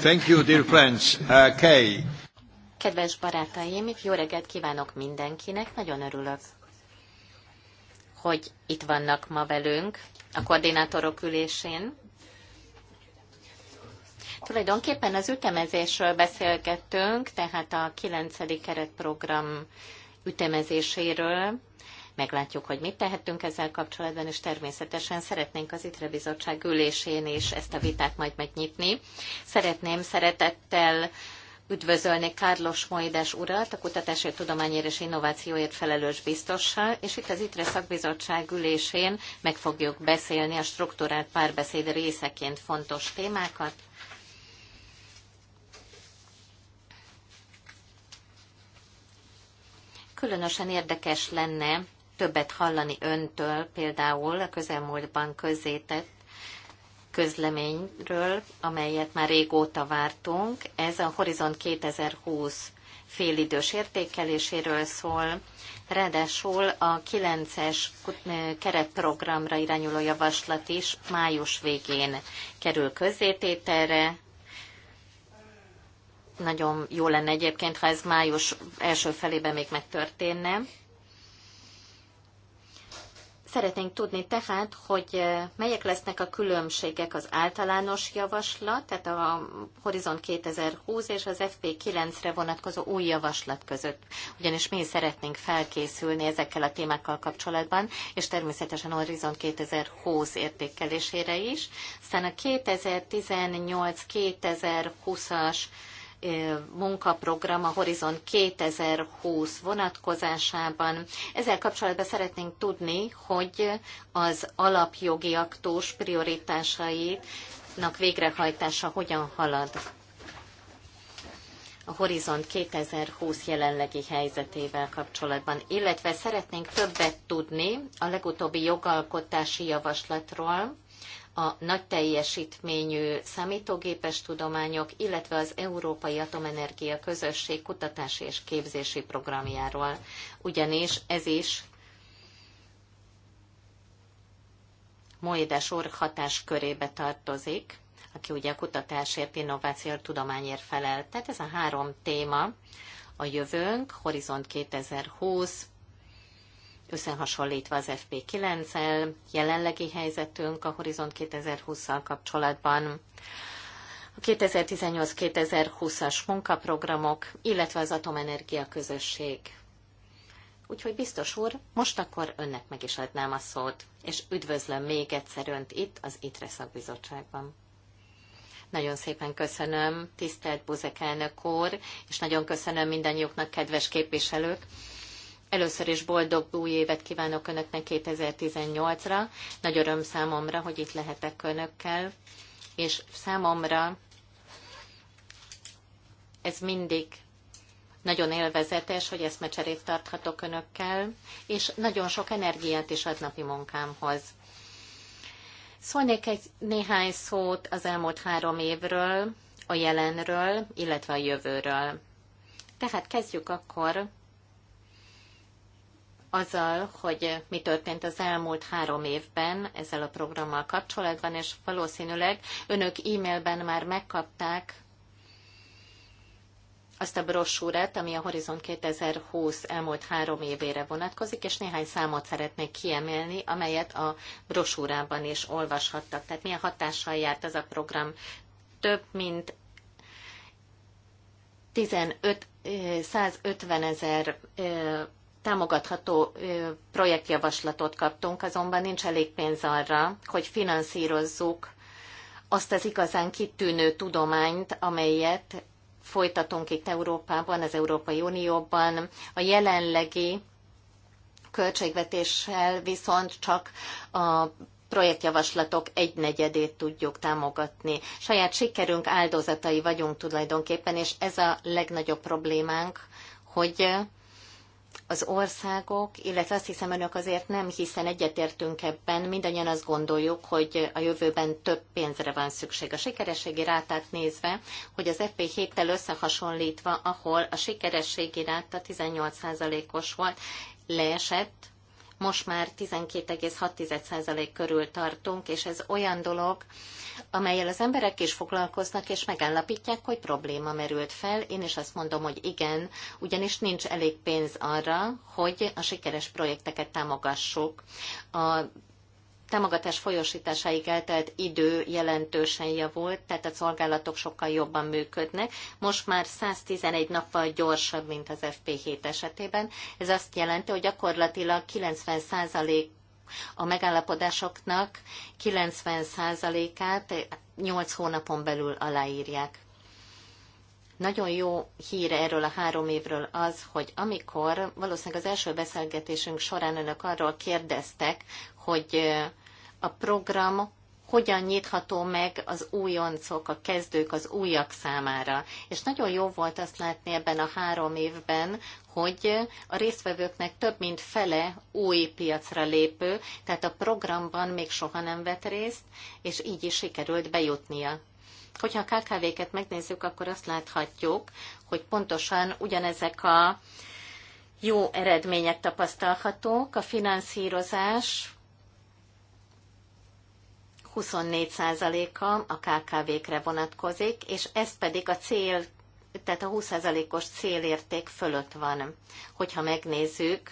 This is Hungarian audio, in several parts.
Thank you, dear friends. Uh, Kay. Kedves barátaim, jó reggelt kívánok mindenkinek, nagyon örülök, hogy itt vannak ma velünk a koordinátorok ülésén. Tulajdonképpen az ütemezésről beszélgettünk, tehát a 9. keretprogram ütemezéséről, Meglátjuk, hogy mit tehetünk ezzel kapcsolatban, és természetesen szeretnénk az ITRE bizottság ülésén is ezt a vitát majd megnyitni. Szeretném szeretettel üdvözölni Kárlos Moides urat, a Kutatási Tudományért és Innovációért felelős biztossal, és itt az ITRE szakbizottság ülésén meg fogjuk beszélni a struktúrált párbeszéd részeként fontos témákat. Különösen érdekes lenne többet hallani öntől, például a közelmúltban közzétett közleményről, amelyet már régóta vártunk. Ez a Horizont 2020 félidős értékeléséről szól, ráadásul a 9-es keretprogramra irányuló javaslat is május végén kerül közzétételre. Nagyon jó lenne egyébként, ha ez május első felében még megtörténne. Szeretnénk tudni tehát, hogy melyek lesznek a különbségek az általános javaslat, tehát a Horizont 2020 és az FP9-re vonatkozó új javaslat között. Ugyanis mi szeretnénk felkészülni ezekkel a témákkal kapcsolatban, és természetesen a Horizont 2020 értékelésére is. Aztán a 2018-2020-as munkaprogram a Horizon 2020 vonatkozásában. Ezzel kapcsolatban szeretnénk tudni, hogy az alapjogi aktus prioritásainak végrehajtása hogyan halad a Horizont 2020 jelenlegi helyzetével kapcsolatban, illetve szeretnénk többet tudni a legutóbbi jogalkotási javaslatról, a nagy teljesítményű számítógépes tudományok, illetve az Európai Atomenergia Közösség kutatási és képzési programjáról. Ugyanis ez is Moedes úr hatáskörébe tartozik, aki ugye a kutatásért, innovációért, tudományért felel. Tehát ez a három téma, a jövőnk, Horizont 2020, összehasonlítva az FP9-el, jelenlegi helyzetünk a Horizont 2020-szal kapcsolatban, a 2018-2020-as munkaprogramok, illetve az atomenergia közösség. Úgyhogy biztos úr, most akkor önnek meg is adnám a szót, és üdvözlöm még egyszer önt itt, az ITRE szakbizottságban. Nagyon szépen köszönöm, tisztelt Buzek elnök úr, és nagyon köszönöm mindannyiuknak, kedves képviselők, Először is boldog új évet kívánok Önöknek 2018-ra. Nagy öröm számomra, hogy itt lehetek Önökkel, és számomra ez mindig nagyon élvezetes, hogy eszmecserét tarthatok Önökkel, és nagyon sok energiát is ad napi munkámhoz. Szólnék egy néhány szót az elmúlt három évről, a jelenről, illetve a jövőről. Tehát kezdjük akkor azzal, hogy mi történt az elmúlt három évben ezzel a programmal kapcsolatban, és valószínűleg önök e-mailben már megkapták azt a brosúrát, ami a Horizon 2020 elmúlt három évére vonatkozik, és néhány számot szeretnék kiemelni, amelyet a brosúrában is olvashattak. Tehát milyen hatással járt ez a program? Több mint 15, 150 eh, ezer eh, támogatható projektjavaslatot kaptunk, azonban nincs elég pénz arra, hogy finanszírozzuk azt az igazán kitűnő tudományt, amelyet folytatunk itt Európában, az Európai Unióban. A jelenlegi költségvetéssel viszont csak a projektjavaslatok egynegyedét tudjuk támogatni. Saját sikerünk áldozatai vagyunk tulajdonképpen, és ez a legnagyobb problémánk, hogy az országok, illetve azt hiszem önök azért nem, hiszen egyetértünk ebben, mindannyian azt gondoljuk, hogy a jövőben több pénzre van szükség. A sikerességi rátát nézve, hogy az fp héttel tel összehasonlítva, ahol a sikerességi ráta 18%-os volt, leesett, most már 12,6% körül tartunk, és ez olyan dolog, amelyel az emberek is foglalkoznak, és megállapítják, hogy probléma merült fel. Én is azt mondom, hogy igen, ugyanis nincs elég pénz arra, hogy a sikeres projekteket támogassuk. A támogatás folyosításáig eltelt idő jelentősen javult, tehát a szolgálatok sokkal jobban működnek. Most már 111 nappal gyorsabb, mint az FP7 esetében. Ez azt jelenti, hogy gyakorlatilag 90% a megállapodásoknak 90%-át 8 hónapon belül aláírják. Nagyon jó híre erről a három évről az, hogy amikor valószínűleg az első beszélgetésünk során önök arról kérdeztek, hogy a program hogyan nyitható meg az újoncok, a kezdők, az újak számára. És nagyon jó volt azt látni ebben a három évben, hogy a résztvevőknek több mint fele új piacra lépő, tehát a programban még soha nem vett részt, és így is sikerült bejutnia. Hogyha a KKV-ket megnézzük, akkor azt láthatjuk, hogy pontosan ugyanezek a jó eredmények tapasztalhatók. A finanszírozás 24%-a a KKV-kre vonatkozik, és ez pedig a cél, tehát a 20%-os célérték fölött van. Hogyha megnézzük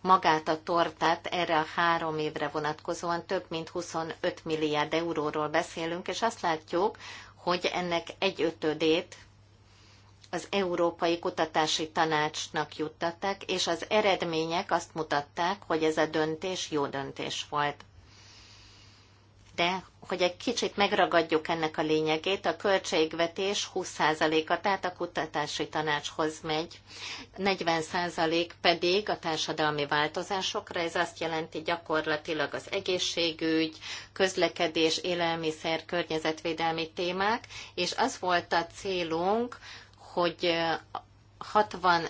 magát a tortát, erre a három évre vonatkozóan több mint 25 milliárd euróról beszélünk, és azt látjuk, hogy ennek egy ötödét az Európai Kutatási Tanácsnak juttatták, és az eredmények azt mutatták, hogy ez a döntés jó döntés volt de hogy egy kicsit megragadjuk ennek a lényegét, a költségvetés 20%-a, tehát a kutatási tanácshoz megy, 40% pedig a társadalmi változásokra, ez azt jelenti gyakorlatilag az egészségügy, közlekedés, élelmiszer, környezetvédelmi témák, és az volt a célunk, hogy 60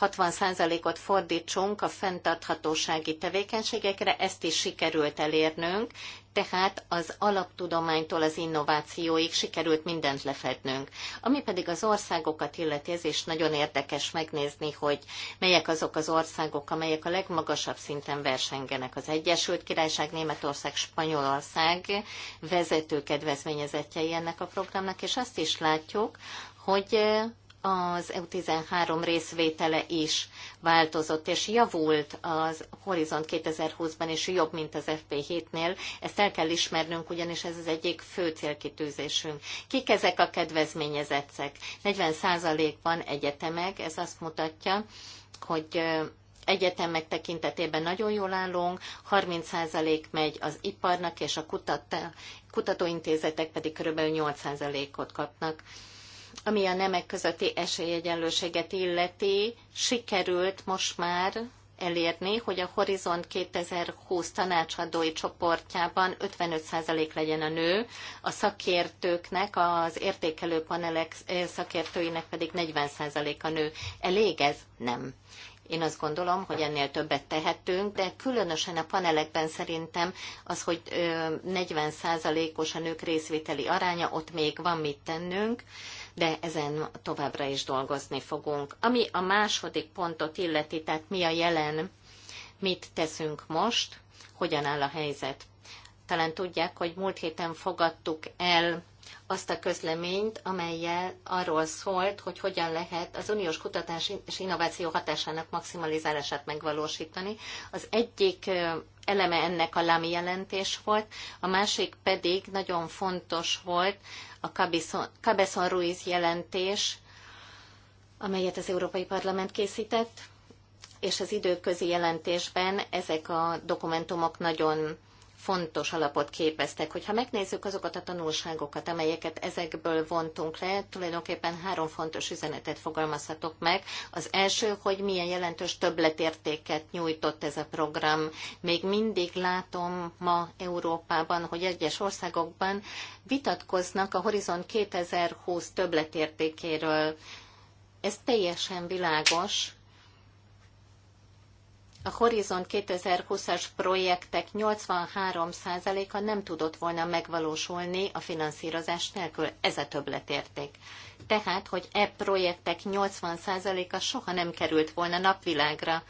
60%-ot fordítsunk a fenntarthatósági tevékenységekre, ezt is sikerült elérnünk, tehát az alaptudománytól az innovációig sikerült mindent lefednünk. Ami pedig az országokat illeti, ez is nagyon érdekes megnézni, hogy melyek azok az országok, amelyek a legmagasabb szinten versengenek. Az Egyesült Királyság, Németország, Spanyolország vezető kedvezményezettjei ennek a programnak, és azt is látjuk, hogy az EU13 részvétele is változott, és javult az Horizont 2020-ban, és jobb, mint az FP7-nél. Ezt el kell ismernünk, ugyanis ez az egyik fő célkitűzésünk. Kik ezek a kedvezményezettek? 40%-ban egyetemek, ez azt mutatja, hogy egyetemek tekintetében nagyon jól állunk, 30% megy az iparnak, és a kutatóintézetek pedig kb. 8%-ot kapnak ami a nemek közötti esélyegyenlőséget illeti, sikerült most már elérni, hogy a Horizont 2020 tanácsadói csoportjában 55% legyen a nő, a szakértőknek, az értékelő panelek eh, szakértőinek pedig 40% a nő. Elég ez? Nem. Én azt gondolom, hogy ennél többet tehetünk, de különösen a panelekben szerintem az, hogy 40%-os eh, a nők részvételi aránya, ott még van mit tennünk de ezen továbbra is dolgozni fogunk. Ami a második pontot illeti, tehát mi a jelen, mit teszünk most, hogyan áll a helyzet. Talán tudják, hogy múlt héten fogadtuk el azt a közleményt, amelyel arról szólt, hogy hogyan lehet az uniós kutatás és innováció hatásának maximalizálását megvalósítani. Az egyik eleme ennek a LAMI jelentés volt, a másik pedig nagyon fontos volt a Cabezon Ruiz jelentés, amelyet az Európai Parlament készített, és az időközi jelentésben ezek a dokumentumok nagyon fontos alapot képeztek. Hogyha megnézzük azokat a tanulságokat, amelyeket ezekből vontunk le, tulajdonképpen három fontos üzenetet fogalmazhatok meg. Az első, hogy milyen jelentős többletértéket nyújtott ez a program. Még mindig látom ma Európában, hogy egyes országokban vitatkoznak a Horizon 2020 többletértékéről. Ez teljesen világos, a Horizont 2020-as projektek 83%-a nem tudott volna megvalósulni a finanszírozás nélkül. Ez a többletérték. Tehát, hogy e projektek 80%-a soha nem került volna napvilágra.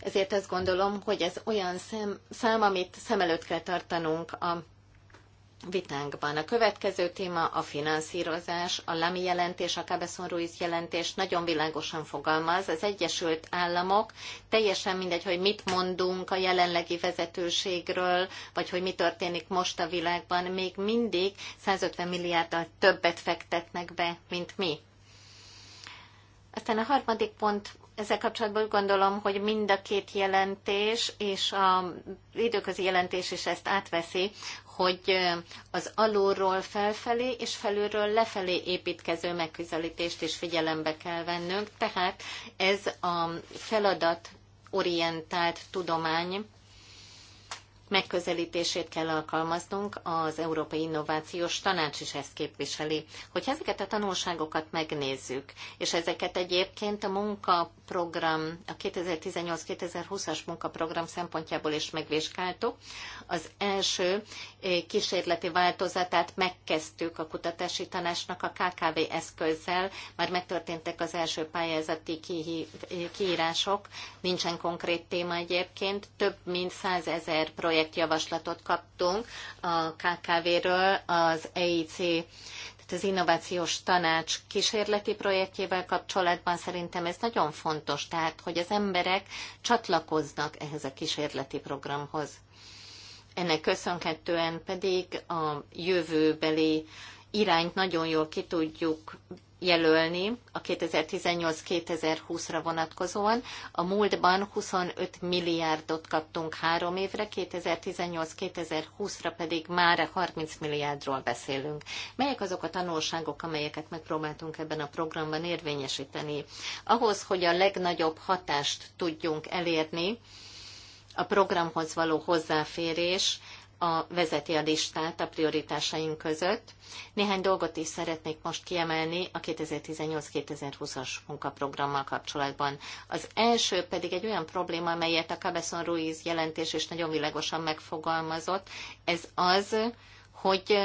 Ezért azt gondolom, hogy ez olyan szem, szám, amit szem előtt kell tartanunk a vitánkban. A következő téma a finanszírozás. A LAMI jelentés, a Cabezon Ruiz jelentés nagyon világosan fogalmaz. Az Egyesült Államok teljesen mindegy, hogy mit mondunk a jelenlegi vezetőségről, vagy hogy mi történik most a világban, még mindig 150 milliárddal többet fektetnek be, mint mi. Aztán a harmadik pont ezzel kapcsolatban úgy gondolom, hogy mind a két jelentés és az időközi jelentés is ezt átveszi, hogy az alulról felfelé és felülről lefelé építkező megközelítést is figyelembe kell vennünk, tehát ez a feladat orientált tudomány megközelítését kell alkalmaznunk, az Európai Innovációs Tanács is ezt képviseli. Hogyha ezeket a tanulságokat megnézzük, és ezeket egyébként a munkaprogram, a 2018-2020-as munkaprogram szempontjából is megvizsgáltuk, az első eh, kísérleti változatát megkezdtük a kutatási tanácsnak a KKV eszközzel, már megtörténtek az első pályázati eh, kiírások, nincsen konkrét téma egyébként, több mint százezer projekt projektjavaslatot kaptunk a KKV-ről az EIC tehát az innovációs tanács kísérleti projektjével kapcsolatban szerintem ez nagyon fontos, tehát hogy az emberek csatlakoznak ehhez a kísérleti programhoz. Ennek köszönhetően pedig a jövőbeli irányt nagyon jól ki tudjuk jelölni a 2018-2020-ra vonatkozóan. A múltban 25 milliárdot kaptunk három évre, 2018-2020-ra pedig már 30 milliárdról beszélünk. Melyek azok a tanulságok, amelyeket megpróbáltunk ebben a programban érvényesíteni? Ahhoz, hogy a legnagyobb hatást tudjunk elérni, a programhoz való hozzáférés a, vezeti a listát a prioritásaink között. Néhány dolgot is szeretnék most kiemelni a 2018-2020-as munkaprogrammal kapcsolatban. Az első pedig egy olyan probléma, amelyet a Cabezon Ruiz jelentés is nagyon világosan megfogalmazott, ez az, hogy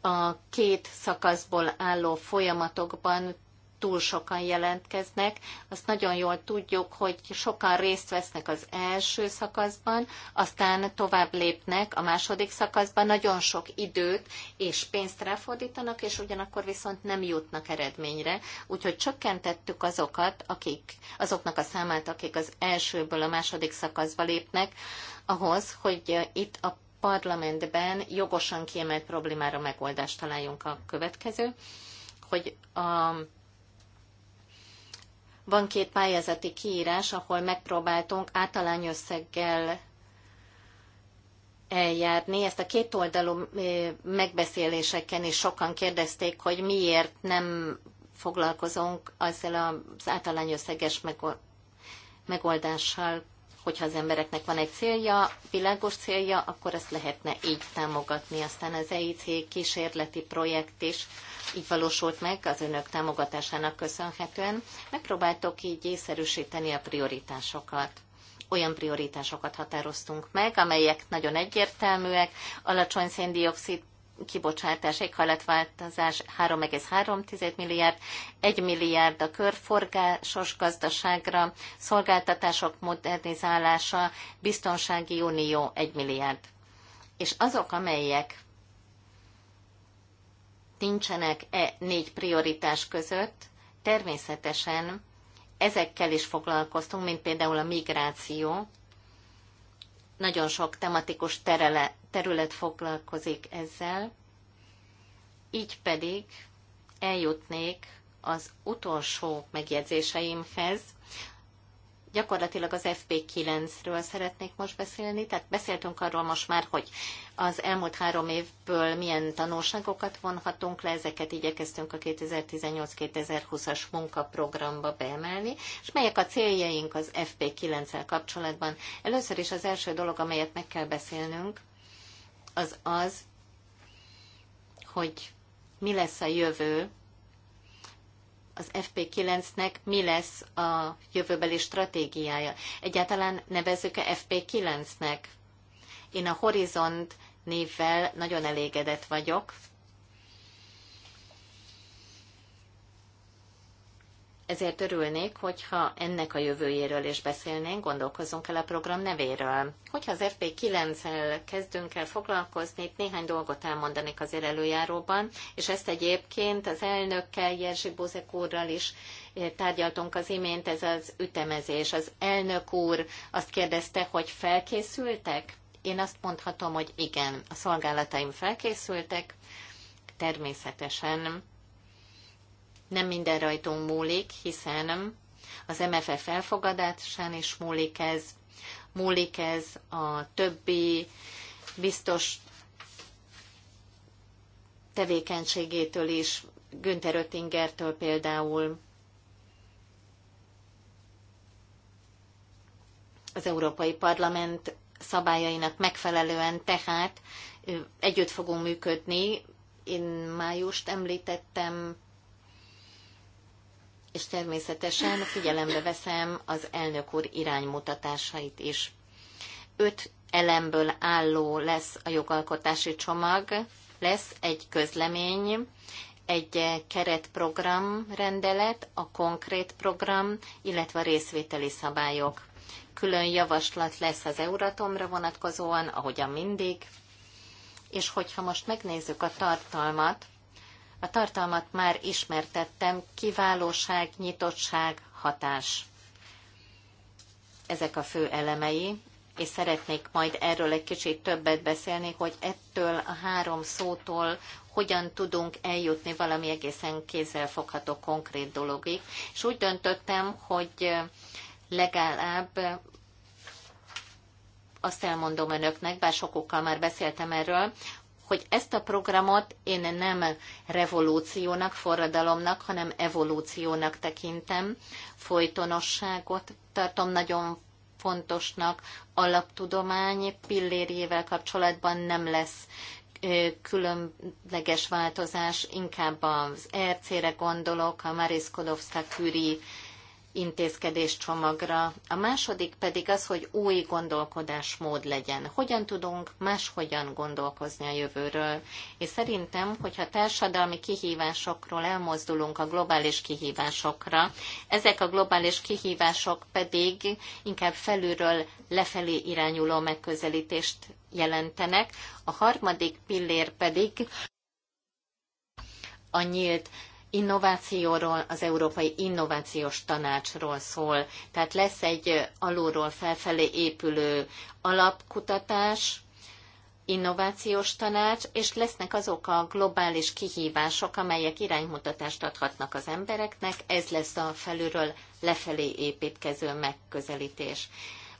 a két szakaszból álló folyamatokban túl sokan jelentkeznek. Azt nagyon jól tudjuk, hogy sokan részt vesznek az első szakaszban, aztán tovább lépnek a második szakaszban, nagyon sok időt és pénzt ráfordítanak, és ugyanakkor viszont nem jutnak eredményre. Úgyhogy csökkentettük azokat, akik, azoknak a számát, akik az elsőből a második szakaszba lépnek, ahhoz, hogy itt a parlamentben jogosan kiemelt problémára megoldást találjunk a következő, hogy a van két pályázati kiírás, ahol megpróbáltunk általányösszeggel eljárni. Ezt a két oldalú megbeszéléseken is sokan kérdezték, hogy miért nem foglalkozunk ezzel az általányösszeges megoldással hogyha az embereknek van egy célja, világos célja, akkor ezt lehetne így támogatni. Aztán az EIC kísérleti projekt is így valósult meg az önök támogatásának köszönhetően. Megpróbáltok így észszerűsíteni a prioritásokat. Olyan prioritásokat határoztunk meg, amelyek nagyon egyértelműek, alacsony széndiokszid kibocsátás, éghajlatváltozás 3,3 milliárd, 1 milliárd a körforgásos gazdaságra, szolgáltatások modernizálása, biztonsági unió 1 milliárd. És azok, amelyek nincsenek e négy prioritás között, természetesen ezekkel is foglalkoztunk, mint például a migráció, nagyon sok tematikus terele, terület foglalkozik ezzel, így pedig eljutnék az utolsó megjegyzéseimhez, gyakorlatilag az FP9-ről szeretnék most beszélni. Tehát beszéltünk arról most már, hogy az elmúlt három évből milyen tanulságokat vonhatunk le, ezeket igyekeztünk a 2018-2020-as munkaprogramba beemelni, és melyek a céljaink az FP9-el kapcsolatban. Először is az első dolog, amelyet meg kell beszélnünk, az az, hogy mi lesz a jövő az FP9-nek mi lesz a jövőbeli stratégiája. Egyáltalán nevezzük-e FP9-nek? Én a Horizont névvel nagyon elégedett vagyok, Ezért örülnék, hogyha ennek a jövőjéről is beszélnénk, gondolkozzunk el a program nevéről. Hogyha az FP9-el kezdünk el foglalkozni, itt néhány dolgot elmondanék azért előjáróban, és ezt egyébként az elnökkel, Jerzy Bozek úrral is eh, tárgyaltunk az imént, ez az ütemezés. Az elnök úr azt kérdezte, hogy felkészültek? Én azt mondhatom, hogy igen, a szolgálataim felkészültek, természetesen nem minden rajtunk múlik, hiszen az MFF elfogadásán is múlik ez, múlik ez a többi biztos tevékenységétől is, Günther Oettingertől például, az Európai Parlament szabályainak megfelelően, tehát együtt fogunk működni. Én májust említettem, és természetesen figyelembe veszem az elnök úr iránymutatásait is. Öt elemből álló lesz a jogalkotási csomag, lesz egy közlemény, egy keretprogram rendelet, a konkrét program, illetve a részvételi szabályok. Külön javaslat lesz az Euratomra vonatkozóan, ahogyan mindig. És hogyha most megnézzük a tartalmat, a tartalmat már ismertettem, kiválóság, nyitottság, hatás. Ezek a fő elemei, és szeretnék majd erről egy kicsit többet beszélni, hogy ettől a három szótól hogyan tudunk eljutni valami egészen kézzelfogható konkrét dologig. És úgy döntöttem, hogy legalább azt elmondom önöknek, bár sokukkal már beszéltem erről, hogy ezt a programot én nem revolúciónak, forradalomnak, hanem evolúciónak tekintem, folytonosságot tartom nagyon fontosnak, alaptudomány pillérjével kapcsolatban nem lesz különleges változás, inkább az ERC-re gondolok, a Mariskodowska-Curie intézkedéscsomagra. A második pedig az, hogy új gondolkodásmód legyen. Hogyan tudunk máshogyan gondolkozni a jövőről? És szerintem, hogyha társadalmi kihívásokról elmozdulunk a globális kihívásokra, ezek a globális kihívások pedig inkább felülről lefelé irányuló megközelítést jelentenek, a harmadik pillér pedig a nyílt innovációról, az Európai Innovációs Tanácsról szól. Tehát lesz egy alulról felfelé épülő alapkutatás, innovációs tanács, és lesznek azok a globális kihívások, amelyek iránymutatást adhatnak az embereknek, ez lesz a felülről lefelé építkező megközelítés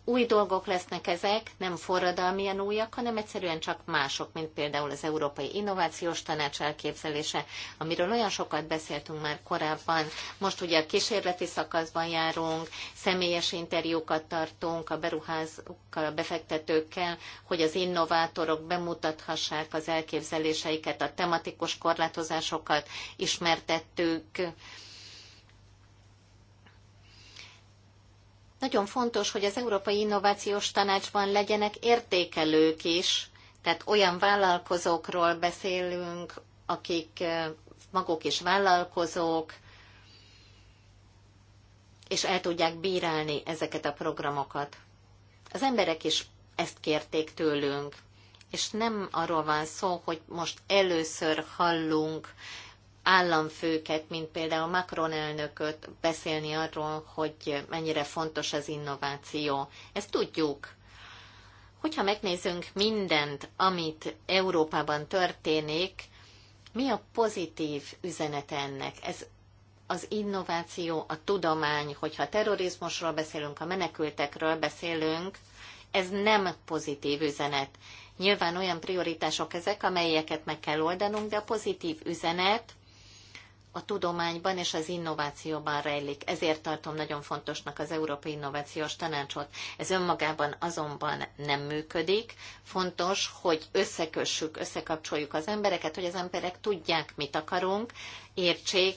új dolgok lesznek ezek, nem forradalmian újak, hanem egyszerűen csak mások, mint például az Európai Innovációs Tanács elképzelése, amiről olyan sokat beszéltünk már korábban. Most ugye a kísérleti szakaszban járunk, személyes interjúkat tartunk a beruházókkal, a befektetőkkel, hogy az innovátorok bemutathassák az elképzeléseiket, a tematikus korlátozásokat ismertettük, Nagyon fontos, hogy az Európai Innovációs Tanácsban legyenek értékelők is, tehát olyan vállalkozókról beszélünk, akik eh, maguk is vállalkozók, és el tudják bírálni ezeket a programokat. Az emberek is ezt kérték tőlünk, és nem arról van szó, hogy most először hallunk államfőket, mint például Macron elnököt beszélni arról, hogy mennyire fontos az innováció. Ezt tudjuk. Hogyha megnézzünk mindent, amit Európában történik, mi a pozitív üzenete ennek? Ez az innováció, a tudomány, hogyha a terrorizmusról beszélünk, a menekültekről beszélünk, ez nem pozitív üzenet. Nyilván olyan prioritások ezek, amelyeket meg kell oldanunk, de a pozitív üzenet a tudományban és az innovációban rejlik. Ezért tartom nagyon fontosnak az Európai Innovációs Tanácsot. Ez önmagában azonban nem működik. Fontos, hogy összekössük, összekapcsoljuk az embereket, hogy az emberek tudják, mit akarunk, értsék,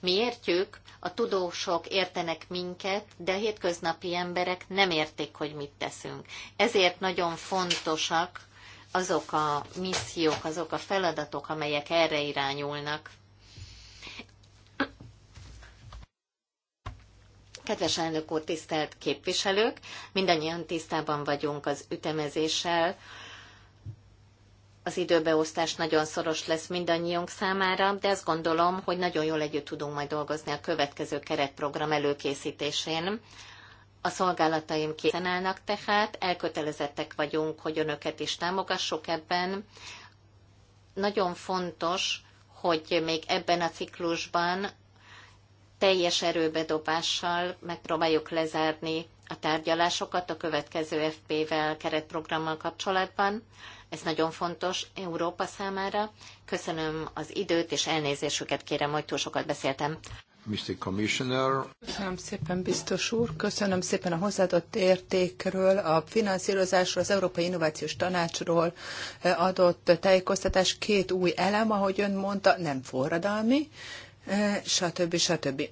mi értjük, a tudósok értenek minket, de a hétköznapi emberek nem értik, hogy mit teszünk. Ezért nagyon fontosak azok a missziók, azok a feladatok, amelyek erre irányulnak. Kedves elnök úr, tisztelt képviselők, mindannyian tisztában vagyunk az ütemezéssel, az időbeosztás nagyon szoros lesz mindannyiunk számára, de azt gondolom, hogy nagyon jól együtt tudunk majd dolgozni a következő keretprogram előkészítésén. A szolgálataim készen állnak tehát, elkötelezettek vagyunk, hogy önöket is támogassuk ebben. Nagyon fontos, hogy még ebben a ciklusban teljes erőbedobással megpróbáljuk lezárni a tárgyalásokat a következő FP-vel keretprogrammal kapcsolatban. Ez nagyon fontos Európa számára. Köszönöm az időt, és elnézésüket kérem, hogy túl sokat beszéltem. Mr. Commissioner. Köszönöm szépen, biztos úr. Köszönöm szépen a hozzáadott értékről, a finanszírozásról, az Európai Innovációs Tanácsról adott tájékoztatás. Két új elem, ahogy ön mondta, nem forradalmi, stb. stb.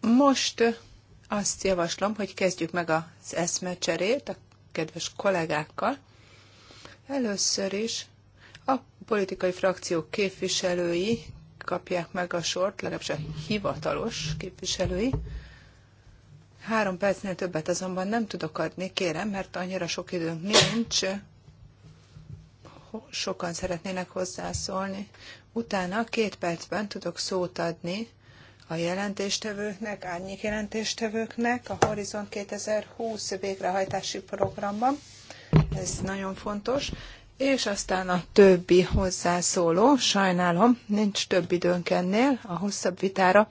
Most azt javaslom, hogy kezdjük meg az eszmecserét a kedves kollégákkal. Először is a politikai frakciók képviselői kapják meg a sort, legalábbis a hivatalos képviselői. Három percnél többet azonban nem tudok adni, kérem, mert annyira sok időnk nincs. Sokan szeretnének hozzászólni, Utána két percben tudok szót adni a jelentéstevőknek, árnyék jelentéstevőknek a Horizon 2020 végrehajtási programban. Ez nagyon fontos. És aztán a többi hozzászóló, sajnálom, nincs több időnk ennél a hosszabb vitára,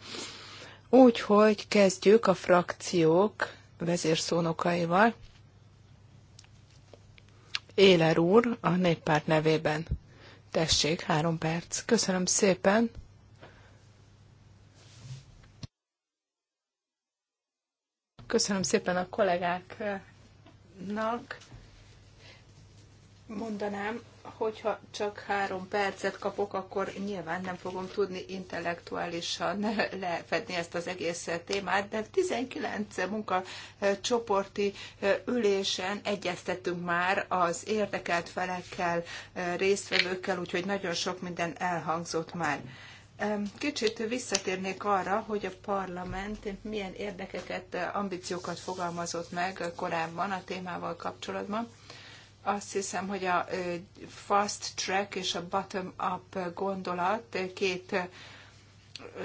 úgyhogy kezdjük a frakciók vezérszónokaival. Éler úr a néppárt nevében. Tessék, három perc. Köszönöm szépen. Köszönöm szépen a kollégáknak. Mondanám, hogyha csak három percet kapok, akkor nyilván nem fogom tudni intellektuálisan lefedni ezt az egész témát, de 19 munkacsoporti ülésen egyeztettünk már az érdekelt felekkel, résztvevőkkel, úgyhogy nagyon sok minden elhangzott már. Kicsit visszatérnék arra, hogy a parlament milyen érdekeket, ambíciókat fogalmazott meg korábban a témával kapcsolatban. Azt hiszem, hogy a fast track és a bottom up gondolat két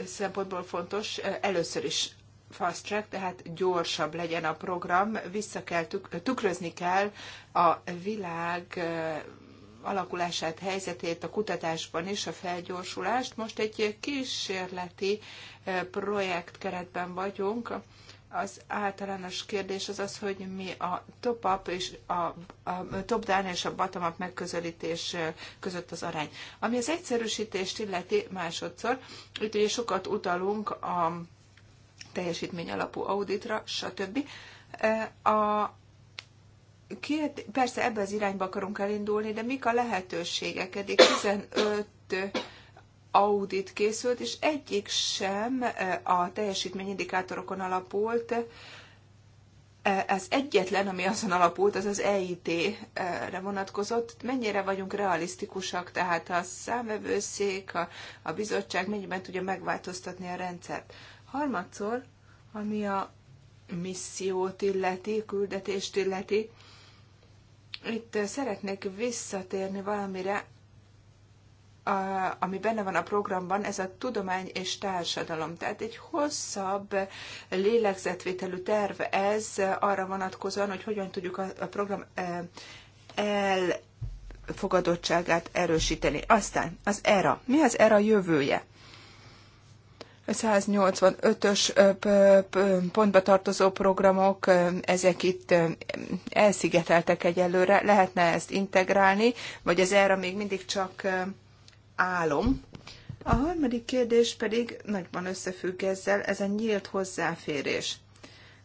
szempontból fontos. Először is fast track, tehát gyorsabb legyen a program, vissza kell, tükrözni kell a világ alakulását, helyzetét a kutatásban is, a felgyorsulást. Most egy kísérleti projekt keretben vagyunk, az általános kérdés az az, hogy mi a top-up és a, a top-down és a bottom-up megközelítés között az arány. Ami az egyszerűsítést illeti másodszor, itt ugye sokat utalunk a teljesítmény alapú auditra, stb. A, két, persze ebbe az irányba akarunk elindulni, de mik a lehetőségek? Eddig 15 audit készült, és egyik sem eh, a teljesítményindikátorokon alapult, eh, ez egyetlen, ami azon alapult, az az EIT-re eh, vonatkozott. Mennyire vagyunk realisztikusak, tehát a számvevőszék, a, a bizottság mennyiben tudja megváltoztatni a rendszert. Harmadszor, ami a missziót illeti, küldetést illeti, itt szeretnék visszatérni valamire, ami benne van a programban, ez a tudomány és társadalom. Tehát egy hosszabb lélegzetvételű terv ez arra vonatkozóan, hogy hogyan tudjuk a program e, elfogadottságát erősíteni. Aztán az ERA. Mi az ERA jövője? 185-ös pontba tartozó programok, ezek itt elszigeteltek egyelőre, lehetne ezt integrálni, vagy az erre még mindig csak álom. A harmadik kérdés pedig nagyban összefügg ezzel, ez a nyílt hozzáférés.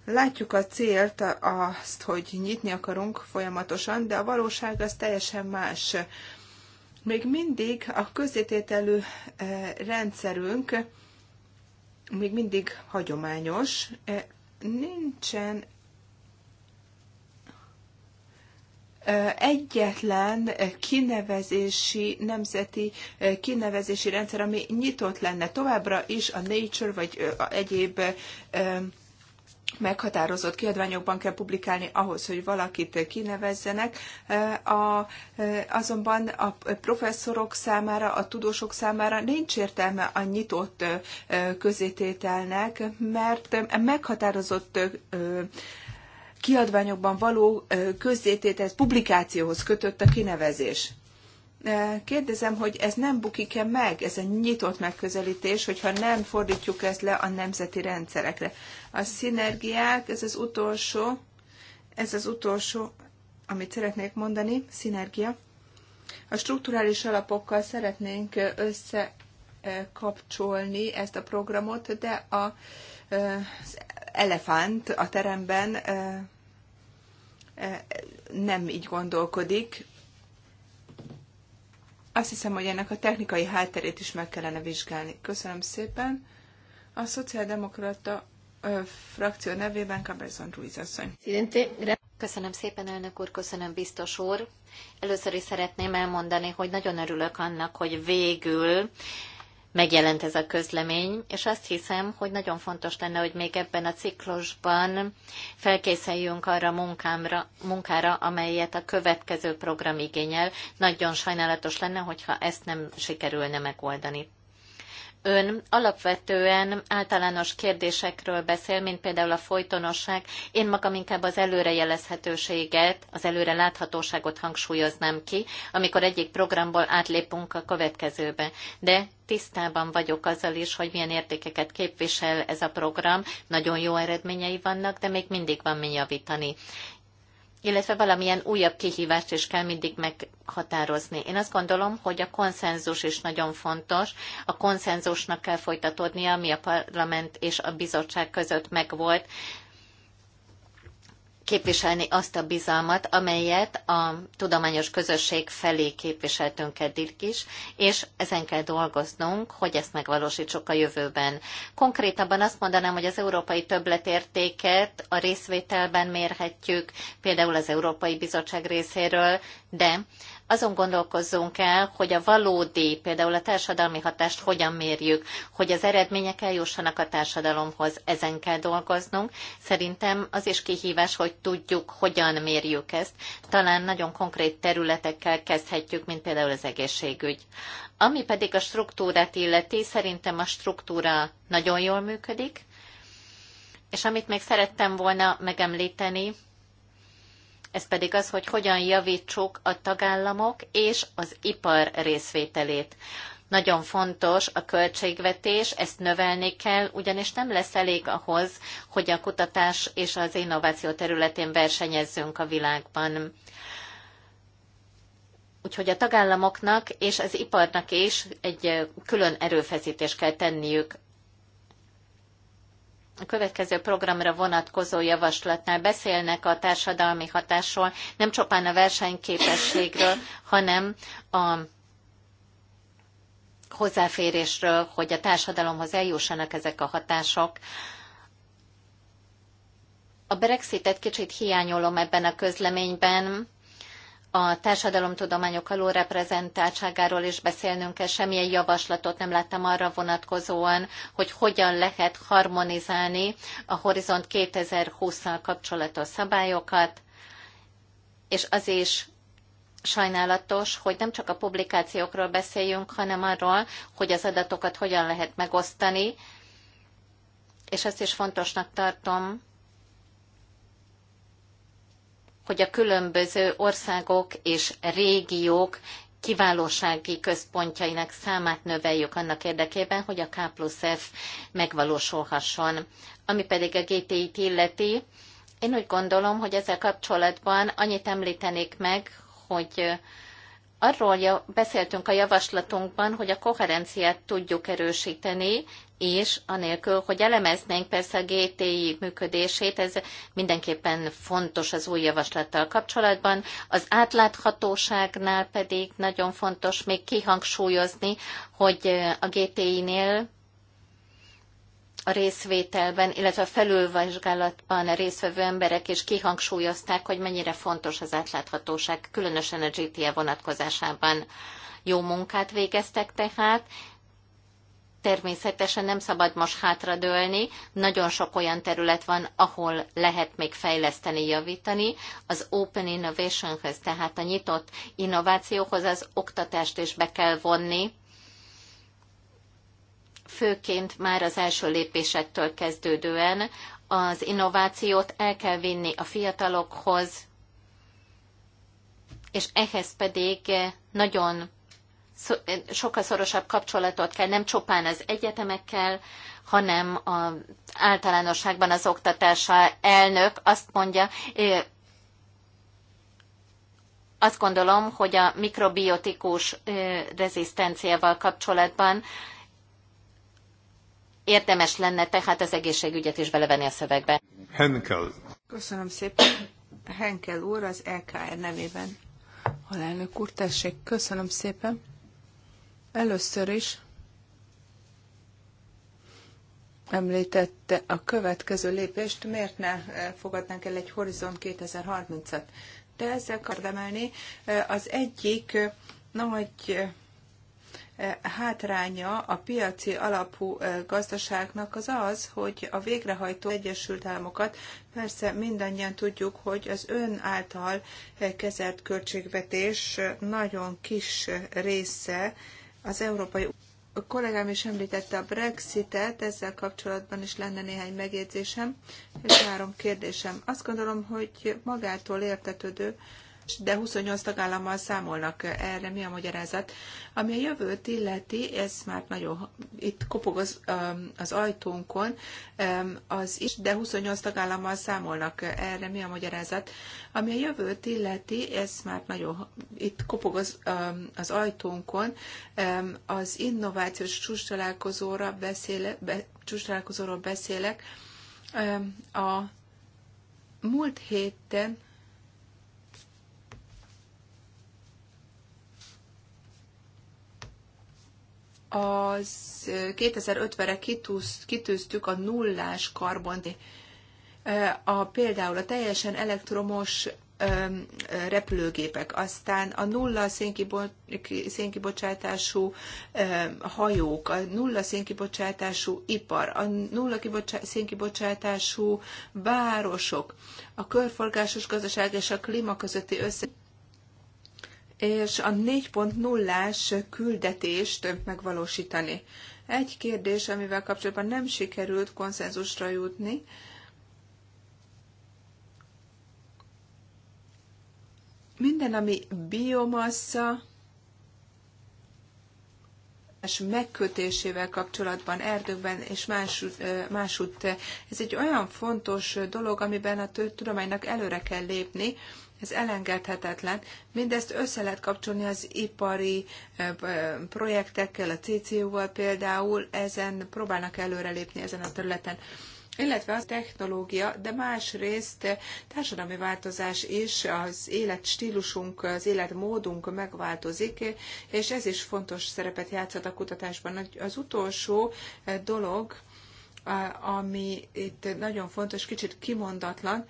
Látjuk a célt, azt, hogy nyitni akarunk folyamatosan, de a valóság az teljesen más. Még mindig a közétételű e, rendszerünk még mindig hagyományos, e, nincsen egyetlen kinevezési, nemzeti kinevezési rendszer, ami nyitott lenne továbbra is a Nature vagy egyéb meghatározott kiadványokban kell publikálni ahhoz, hogy valakit kinevezzenek. A, azonban a professzorok számára, a tudósok számára nincs értelme a nyitott közétételnek, mert meghatározott kiadványokban való közzététhez, publikációhoz kötött a kinevezés. Kérdezem, hogy ez nem bukik-e meg, ez a nyitott megközelítés, hogyha nem fordítjuk ezt le a nemzeti rendszerekre. A szinergiák, ez az utolsó, ez az utolsó, amit szeretnék mondani, szinergia. A strukturális alapokkal szeretnénk összekapcsolni ezt a programot, de a, az elefánt a teremben nem így gondolkodik. Azt hiszem, hogy ennek a technikai hátterét is meg kellene vizsgálni. Köszönöm szépen. A szociáldemokrata ö, frakció nevében Cabezon Ruiz asszony. Köszönöm szépen, elnök úr, köszönöm, biztos úr. Először is szeretném elmondani, hogy nagyon örülök annak, hogy végül megjelent ez a közlemény, és azt hiszem, hogy nagyon fontos lenne, hogy még ebben a ciklusban felkészüljünk arra munkámra, munkára, amelyet a következő program igényel. Nagyon sajnálatos lenne, hogyha ezt nem sikerülne megoldani. Ön alapvetően általános kérdésekről beszél, mint például a folytonosság. Én magam inkább az előrejelezhetőséget, az előre láthatóságot hangsúlyoznám ki, amikor egyik programból átlépünk a következőbe. De tisztában vagyok azzal is, hogy milyen értékeket képvisel ez a program, nagyon jó eredményei vannak, de még mindig van mi javítani illetve valamilyen újabb kihívást is kell mindig meghatározni. Én azt gondolom, hogy a konszenzus is nagyon fontos. A konszenzusnak kell folytatódnia, ami a parlament és a bizottság között megvolt, képviselni azt a bizalmat, amelyet a tudományos közösség felé képviseltünk eddig is, és ezen kell dolgoznunk, hogy ezt megvalósítsuk a jövőben. Konkrétabban azt mondanám, hogy az európai többletértéket a részvételben mérhetjük, például az Európai Bizottság részéről, de azon gondolkozzunk el, hogy a valódi, például a társadalmi hatást hogyan mérjük, hogy az eredmények eljussanak a társadalomhoz, ezen kell dolgoznunk. Szerintem az is kihívás, hogy tudjuk, hogyan mérjük ezt. Talán nagyon konkrét területekkel kezdhetjük, mint például az egészségügy. Ami pedig a struktúrát illeti, szerintem a struktúra nagyon jól működik, és amit még szerettem volna megemlíteni, ez pedig az, hogy hogyan javítsuk a tagállamok és az ipar részvételét. Nagyon fontos a költségvetés, ezt növelni kell, ugyanis nem lesz elég ahhoz, hogy a kutatás és az innováció területén versenyezzünk a világban. Úgyhogy a tagállamoknak és az iparnak is egy külön erőfeszítést kell tenniük a következő programra vonatkozó javaslatnál beszélnek a társadalmi hatásról, nem csupán a versenyképességről, hanem a hozzáférésről, hogy a társadalomhoz eljussanak ezek a hatások. A Brexitet kicsit hiányolom ebben a közleményben, a társadalomtudományok alulreprezentáltságáról is beszélnünk kell. Semmilyen javaslatot nem láttam arra vonatkozóan, hogy hogyan lehet harmonizálni a Horizont 2020-szal kapcsolatos szabályokat, és az is sajnálatos, hogy nem csak a publikációkról beszéljünk, hanem arról, hogy az adatokat hogyan lehet megosztani, és ezt is fontosnak tartom, hogy a különböző országok és régiók kiválósági központjainak számát növeljük annak érdekében, hogy a K plusz F megvalósulhasson. Ami pedig a GTI-t illeti, én úgy gondolom, hogy ezzel kapcsolatban annyit említenék meg, hogy arról beszéltünk a javaslatunkban, hogy a koherenciát tudjuk erősíteni, és anélkül, hogy elemeznénk persze a GTI működését, ez mindenképpen fontos az új javaslattal kapcsolatban. Az átláthatóságnál pedig nagyon fontos még kihangsúlyozni, hogy a GTI-nél a részvételben, illetve a felülvizsgálatban a részvevő emberek is kihangsúlyozták, hogy mennyire fontos az átláthatóság, különösen a GTI vonatkozásában. Jó munkát végeztek tehát, természetesen nem szabad most hátradőlni, nagyon sok olyan terület van, ahol lehet még fejleszteni, javítani. Az Open Innovationhez, tehát a nyitott innovációhoz az oktatást is be kell vonni, főként már az első lépésektől kezdődően az innovációt el kell vinni a fiatalokhoz, és ehhez pedig nagyon sokkal szorosabb kapcsolatot kell nem csupán az egyetemekkel, hanem az általánosságban az oktatása elnök azt mondja, azt gondolom, hogy a mikrobiotikus rezisztenciával kapcsolatban érdemes lenne tehát az egészségügyet is belevenni a szövegbe. Henkel. Köszönöm szépen. Henkel úr az EKR nevében. Alelnök úr, tessék, köszönöm szépen. Először is említette a következő lépést, miért ne eh, fogadnánk el egy Horizont 2030-at. De ezzel kardemelni eh, az egyik eh, nagy hátránya a piaci alapú gazdaságnak az az, hogy a végrehajtó Egyesült Államokat, persze mindannyian tudjuk, hogy az ön által kezelt költségvetés nagyon kis része az Európai a kollégám is említette a Brexitet, ezzel kapcsolatban is lenne néhány megjegyzésem, és három kérdésem. Azt gondolom, hogy magától értetődő, de 28 tagállammal számolnak erre, mi a magyarázat. Ami a jövőt illeti, ez már nagyon, itt kopog az, az ajtónkon, az is, de 28 tagállammal számolnak erre, mi a magyarázat. Ami a jövőt illeti, ez már nagyon, itt kopog az, az ajtónkon, az innovációs csúcstalálkozóra beszélek, be, csúcstalálkozóról beszélek, a múlt héten az 2050-re kitűztük a nullás karbonti. A, például a teljesen elektromos repülőgépek, aztán a nulla szénkibocsátású hajók, a nulla szénkibocsátású ipar, a nulla szénkibocsátású városok, a körforgásos gazdaság és a klíma közötti össze és a 4.0-ás küldetést megvalósítani. Egy kérdés, amivel kapcsolatban nem sikerült konszenzusra jutni, minden, ami biomassa és megkötésével kapcsolatban, erdőkben és másút, másút, ez egy olyan fontos dolog, amiben a tudománynak előre kell lépni, ez elengedhetetlen. Mindezt össze lehet kapcsolni az ipari projektekkel, a CCU-val például, ezen próbálnak előrelépni ezen a területen illetve a technológia, de másrészt társadalmi változás is, az életstílusunk, az életmódunk megváltozik, és ez is fontos szerepet játszhat a kutatásban. Az utolsó dolog, ami itt nagyon fontos, kicsit kimondatlan,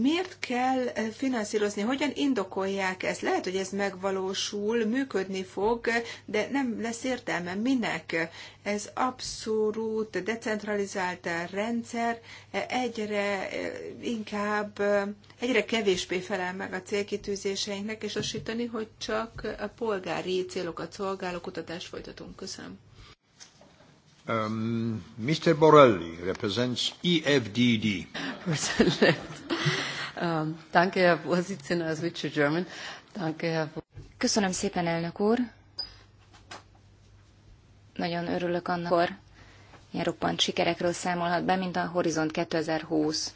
Miért kell finanszírozni? Hogyan indokolják ezt? Lehet, hogy ez megvalósul, működni fog, de nem lesz értelme. Minek? Ez abszolút decentralizált rendszer egyre inkább, egyre kevésbé felel meg a célkitűzéseinknek, és azt hittani, hogy csak a polgári célokat szolgáló kutatást folytatunk. Köszönöm. Um, Mr. Borelli represents EFDD. um, danke, Herr Vorsitzender, I switch to German. Danke, Herr Köszönöm szépen, elnök úr. Nagyon örülök annak, hogy ilyen roppant sikerekről számolhat be, mint a Horizont 2020.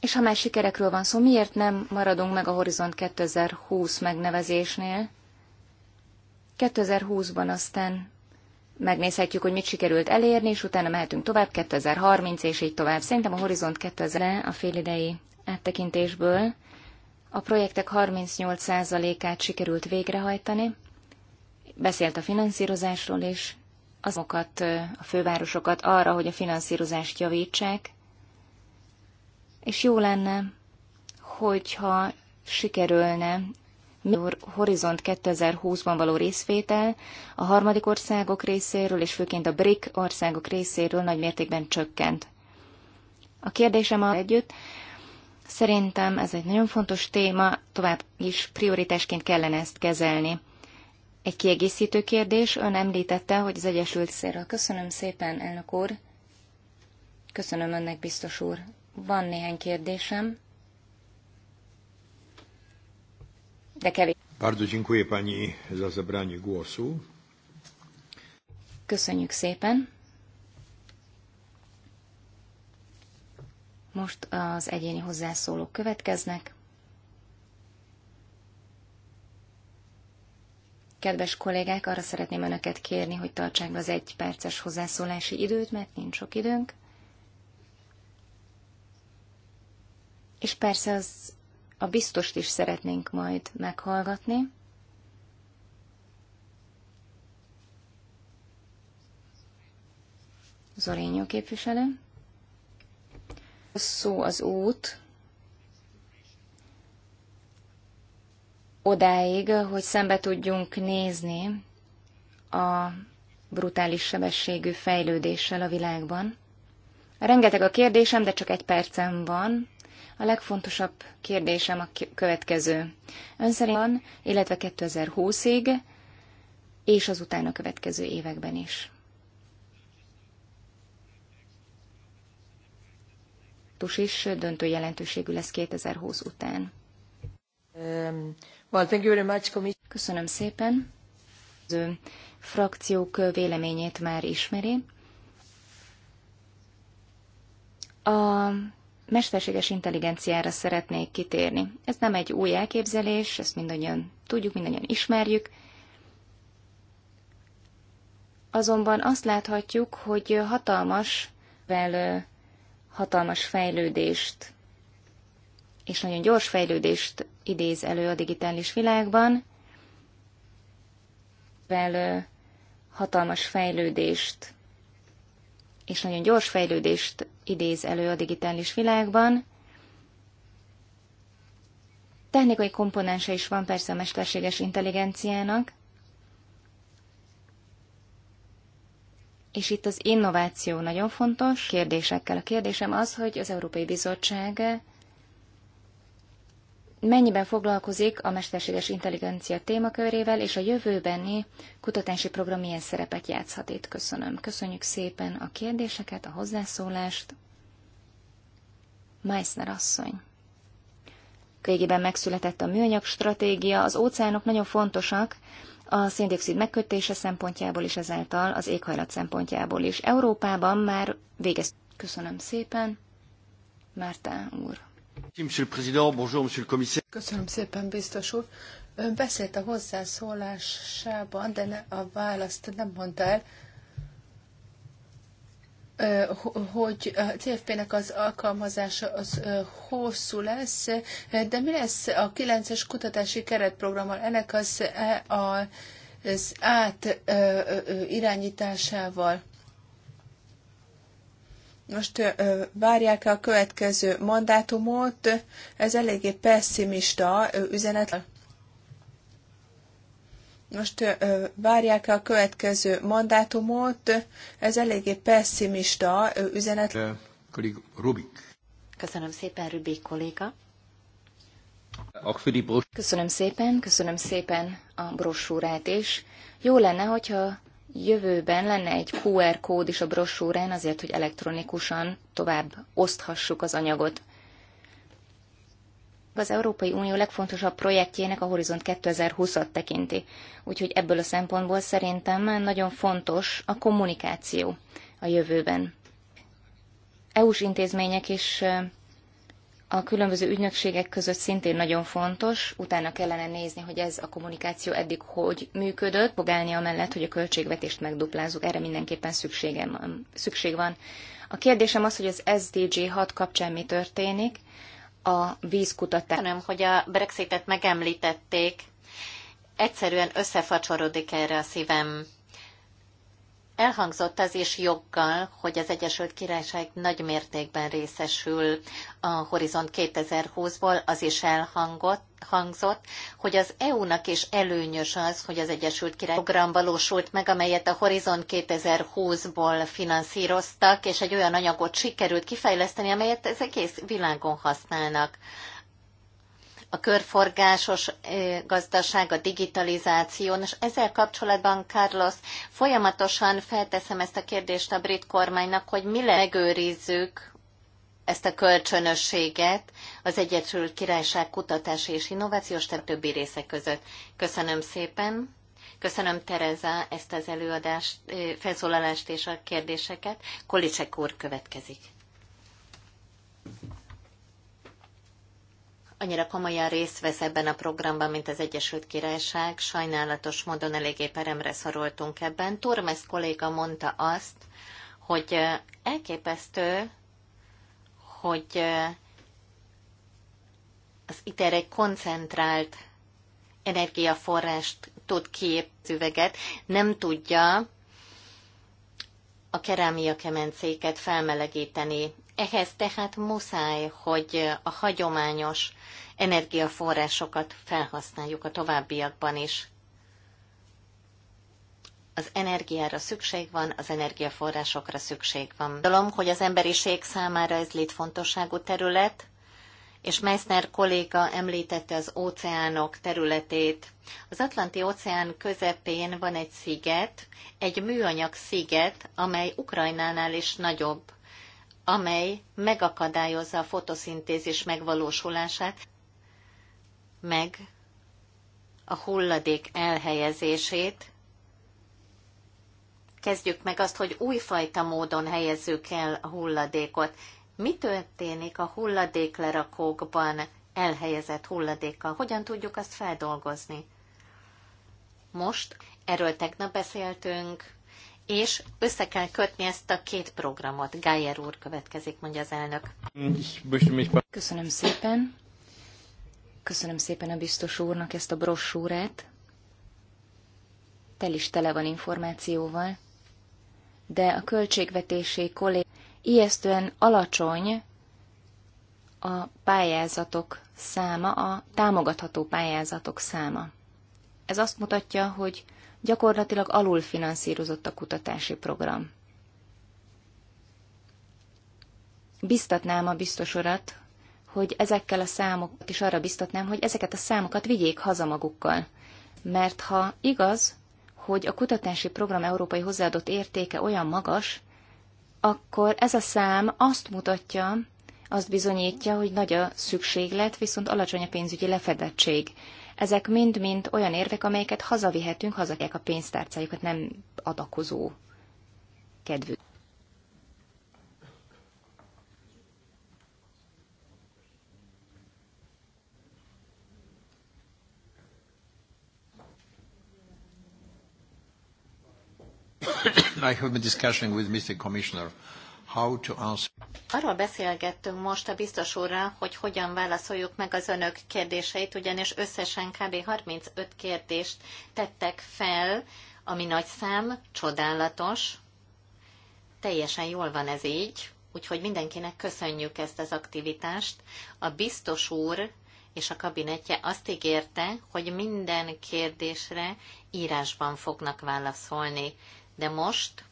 És ha már sikerekről van szó, miért nem maradunk meg a Horizont 2020 megnevezésnél? 2020-ban aztán megnézhetjük, hogy mit sikerült elérni, és utána mehetünk tovább 2030, és így tovább. Szerintem a Horizont 2000 a félidei áttekintésből a projektek 38%-át sikerült végrehajtani. Beszélt a finanszírozásról is, azokat, a fővárosokat arra, hogy a finanszírozást javítsák, és jó lenne, hogyha sikerülne Horizont 2020-ban való részvétel a harmadik országok részéről és főként a BRIC országok részéről nagy mértékben csökkent. A kérdésem a együtt, szerintem ez egy nagyon fontos téma, tovább is prioritásként kellene ezt kezelni. Egy kiegészítő kérdés, ön említette, hogy az Egyesült Széről. Köszönöm szépen, elnök úr. Köszönöm önnek, biztos úr. Van néhány kérdésem. de kevés. Bardzo dziękuję pani za zabranie głosu. Köszönjük szépen. Most az egyéni hozzászólók következnek. Kedves kollégák, arra szeretném Önöket kérni, hogy tartsák be az egy perces hozzászólási időt, mert nincs sok időnk. És persze az a biztost is szeretnénk majd meghallgatni. Zorényó képviselő. A szó az út odáig, hogy szembe tudjunk nézni a brutális sebességű fejlődéssel a világban. Rengeteg a kérdésem, de csak egy percem van. A legfontosabb kérdésem a következő. Ön szerint van, illetve 2020-ig, és az utána következő években is. Tus is döntő jelentőségű lesz 2020 után. Um, Köszönöm szépen. Az frakciók véleményét már ismeri. A mesterséges intelligenciára szeretnék kitérni. Ez nem egy új elképzelés, ezt mindannyian tudjuk, mindannyian ismerjük. Azonban azt láthatjuk, hogy hatalmas, vel hatalmas fejlődést és nagyon gyors fejlődést idéz elő a digitális világban, vel hatalmas fejlődést és nagyon gyors fejlődést idéz elő a digitális világban. Technikai komponense is van persze a mesterséges intelligenciának, és itt az innováció nagyon fontos kérdésekkel. A kérdésem az, hogy az Európai Bizottság mennyiben foglalkozik a mesterséges intelligencia témakörével, és a jövőbeni kutatási program milyen szerepet játszhat itt. Köszönöm. Köszönjük szépen a kérdéseket, a hozzászólást. Meissner asszony. Végében megszületett a műanyag stratégia, az óceánok nagyon fontosak, a széndiokszid megkötése szempontjából is ezáltal az éghajlat szempontjából is. Európában már végeztük. Köszönöm szépen, Márta úr. Köszönöm szépen, biztos úr. Ön beszélt a hozzászólásában, de ne, a választ nem mondta el, hogy a CFP-nek az alkalmazása az hosszú lesz, de mi lesz a 9-es kutatási keretprogrammal? Ennek az, e- az át irányításával? Most várják a következő mandátumot, ez eléggé pessimista üzenet. Most várják a következő mandátumot, ez eléggé pessimista üzenet. Rubik. Köszönöm szépen, Rubik kolléga. Köszönöm szépen, köszönöm szépen a brosúrát is. Jó lenne, hogyha jövőben lenne egy QR kód is a brosúrán azért, hogy elektronikusan tovább oszthassuk az anyagot. Az Európai Unió legfontosabb projektjének a Horizont 2020-at tekinti, úgyhogy ebből a szempontból szerintem nagyon fontos a kommunikáció a jövőben. EU-s intézmények is a különböző ügynökségek között szintén nagyon fontos, utána kellene nézni, hogy ez a kommunikáció eddig hogy működött, fogálni amellett, hogy a költségvetést megduplázunk, erre mindenképpen szükségem, szükség van. A kérdésem az, hogy az SDG 6 kapcsán mi történik, a vízkutatás. Köszönöm, hogy a Brexitet megemlítették. Egyszerűen összefacsorodik erre a szívem Elhangzott az is joggal, hogy az Egyesült Királyság nagy mértékben részesül a Horizont 2020-ból, az is elhangzott, hogy az EU-nak is előnyös az, hogy az Egyesült Király program valósult meg, amelyet a Horizon 2020-ból finanszíroztak, és egy olyan anyagot sikerült kifejleszteni, amelyet az egész világon használnak a körforgásos gazdaság, a digitalizáció, és ezzel kapcsolatban, Carlos, folyamatosan felteszem ezt a kérdést a brit kormánynak, hogy mi megőrizzük ezt a kölcsönösséget az Egyesült Királyság kutatási és innovációs terv többi része között. Köszönöm szépen. Köszönöm Tereza ezt az előadást, felszólalást és a kérdéseket. Kolicek úr következik annyira komolyan részt vesz ebben a programban, mint az Egyesült Királyság. Sajnálatos módon eléggé peremre szorultunk ebben. Turmes kolléga mondta azt, hogy elképesztő, hogy az ITER egy koncentrált energiaforrást tud képzüveget, nem tudja a kerámia kemencéket felmelegíteni. Ehhez tehát muszáj, hogy a hagyományos energiaforrásokat felhasználjuk a továbbiakban is. Az energiára szükség van, az energiaforrásokra szükség van. Gondolom, hogy az emberiség számára ez létfontosságú terület, és Meissner kolléga említette az óceánok területét. Az Atlanti óceán közepén van egy sziget, egy műanyag sziget, amely Ukrajnánál is nagyobb amely megakadályozza a fotoszintézis megvalósulását, meg a hulladék elhelyezését. Kezdjük meg azt, hogy újfajta módon helyezzük el a hulladékot. Mi történik a hulladéklerakókban elhelyezett hulladékkal? Hogyan tudjuk azt feldolgozni? Most erről tegnap beszéltünk, és össze kell kötni ezt a két programot. Gájer úr következik, mondja az elnök. Köszönöm szépen. Köszönöm szépen a biztos úrnak ezt a brossúrát. Tel is tele van információval. De a költségvetési kollég ijesztően alacsony a pályázatok száma, a támogatható pályázatok száma. Ez azt mutatja, hogy gyakorlatilag alulfinanszírozott a kutatási program. Biztatnám a biztos urat, hogy ezekkel a számokat is arra biztatnám, hogy ezeket a számokat vigyék haza magukkal. Mert ha igaz, hogy a kutatási program európai hozzáadott értéke olyan magas, akkor ez a szám azt mutatja, azt bizonyítja, hogy nagy a szükséglet, viszont alacsony a pénzügyi lefedettség. Ezek mind-mind olyan érvek, amelyeket hazavihetünk, hazakják a pénztárcájukat, nem adakozó kedvű. I have been discussing with Mr. Commissioner how to answer. Arról beszélgettünk most a biztos úrral, hogy hogyan válaszoljuk meg az önök kérdéseit, ugyanis összesen kb. 35 kérdést tettek fel, ami nagy szám, csodálatos. Teljesen jól van ez így, úgyhogy mindenkinek köszönjük ezt az aktivitást. A biztos úr és a kabinetje azt ígérte, hogy minden kérdésre írásban fognak válaszolni. De most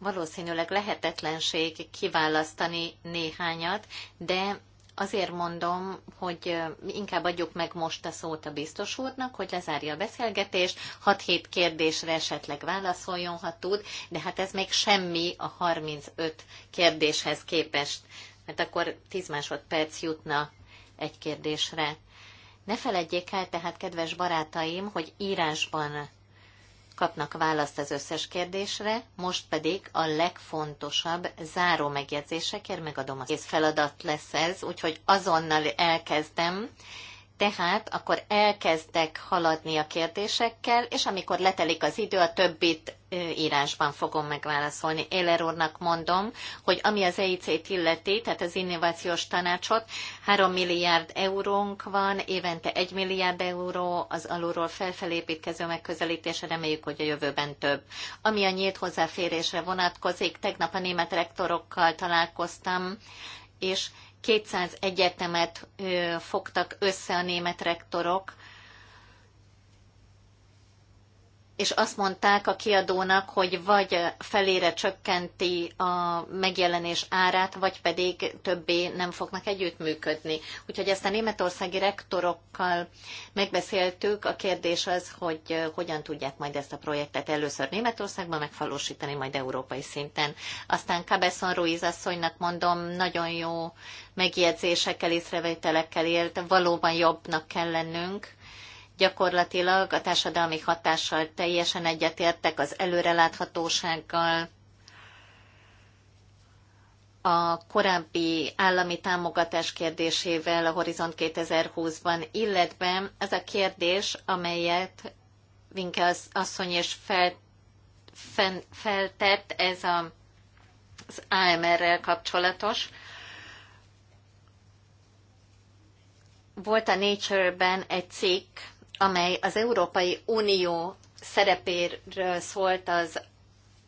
valószínűleg lehetetlenség kiválasztani néhányat, de azért mondom, hogy inkább adjuk meg most a szót a biztos úrnak, hogy lezárja a beszélgetést, 6-7 kérdésre esetleg válaszoljon, ha tud, de hát ez még semmi a 35 kérdéshez képest, mert hát akkor 10 másodperc jutna egy kérdésre. Ne feledjék el tehát, kedves barátaim, hogy írásban kapnak választ az összes kérdésre, most pedig a legfontosabb záró megjegyzésekért megadom a kész feladat lesz ez, úgyhogy azonnal elkezdem. Tehát akkor elkezdek haladni a kérdésekkel, és amikor letelik az idő, a többit írásban fogom megválaszolni. Éler úrnak mondom, hogy ami az EIC-t illeti, tehát az innovációs tanácsot, 3 milliárd eurónk van, évente 1 milliárd euró az alulról felfelépítkező megközelítése, reméljük, hogy a jövőben több. Ami a nyílt hozzáférésre vonatkozik, tegnap a német rektorokkal találkoztam, és 200 egyetemet fogtak össze a német rektorok, és azt mondták a kiadónak, hogy vagy felére csökkenti a megjelenés árát, vagy pedig többé nem fognak együttműködni. Úgyhogy ezt a németországi rektorokkal megbeszéltük. A kérdés az, hogy hogyan tudják majd ezt a projektet először Németországban megvalósítani, majd európai szinten. Aztán Cabezon Ruiz asszonynak mondom, nagyon jó megjegyzésekkel, észrevételekkel élt, valóban jobbnak kell lennünk Gyakorlatilag a társadalmi hatással teljesen egyetértek, az előreláthatósággal, a korábbi állami támogatás kérdésével a Horizont 2020-ban, illetve ez a kérdés, amelyet Vinke az asszony is fel, fen, feltett, ez a, az AMR-rel kapcsolatos. Volt a Nature-ben egy cikk, amely az Európai Unió szerepéről szólt az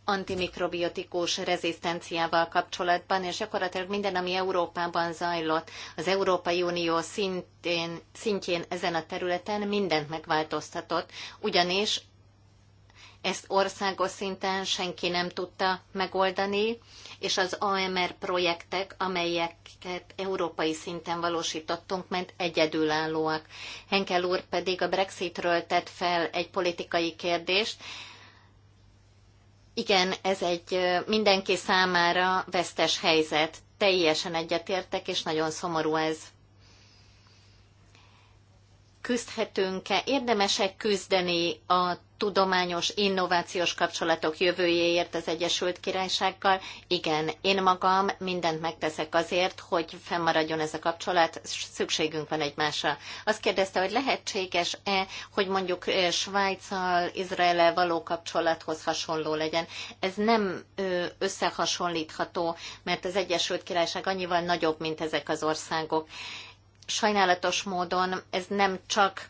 antimikrobiotikus rezisztenciával kapcsolatban, és gyakorlatilag minden, ami Európában zajlott, az Európai Unió szintén, szintjén ezen a területen mindent megváltoztatott, ugyanis ezt országos szinten senki nem tudta megoldani, és az AMR projektek, amelyeket európai szinten valósítottunk, ment egyedülállóak. Henkel úr pedig a Brexitről tett fel egy politikai kérdést, igen, ez egy mindenki számára vesztes helyzet. Teljesen egyetértek, és nagyon szomorú ez küzdhetünk-e, érdemesek küzdeni a tudományos, innovációs kapcsolatok jövőjéért az Egyesült Királysággal. Igen, én magam mindent megteszek azért, hogy fennmaradjon ez a kapcsolat, szükségünk van egymásra. Azt kérdezte, hogy lehetséges-e, hogy mondjuk Svájccal, Izrael való kapcsolathoz hasonló legyen. Ez nem összehasonlítható, mert az Egyesült Királyság annyival nagyobb, mint ezek az országok sajnálatos módon ez nem csak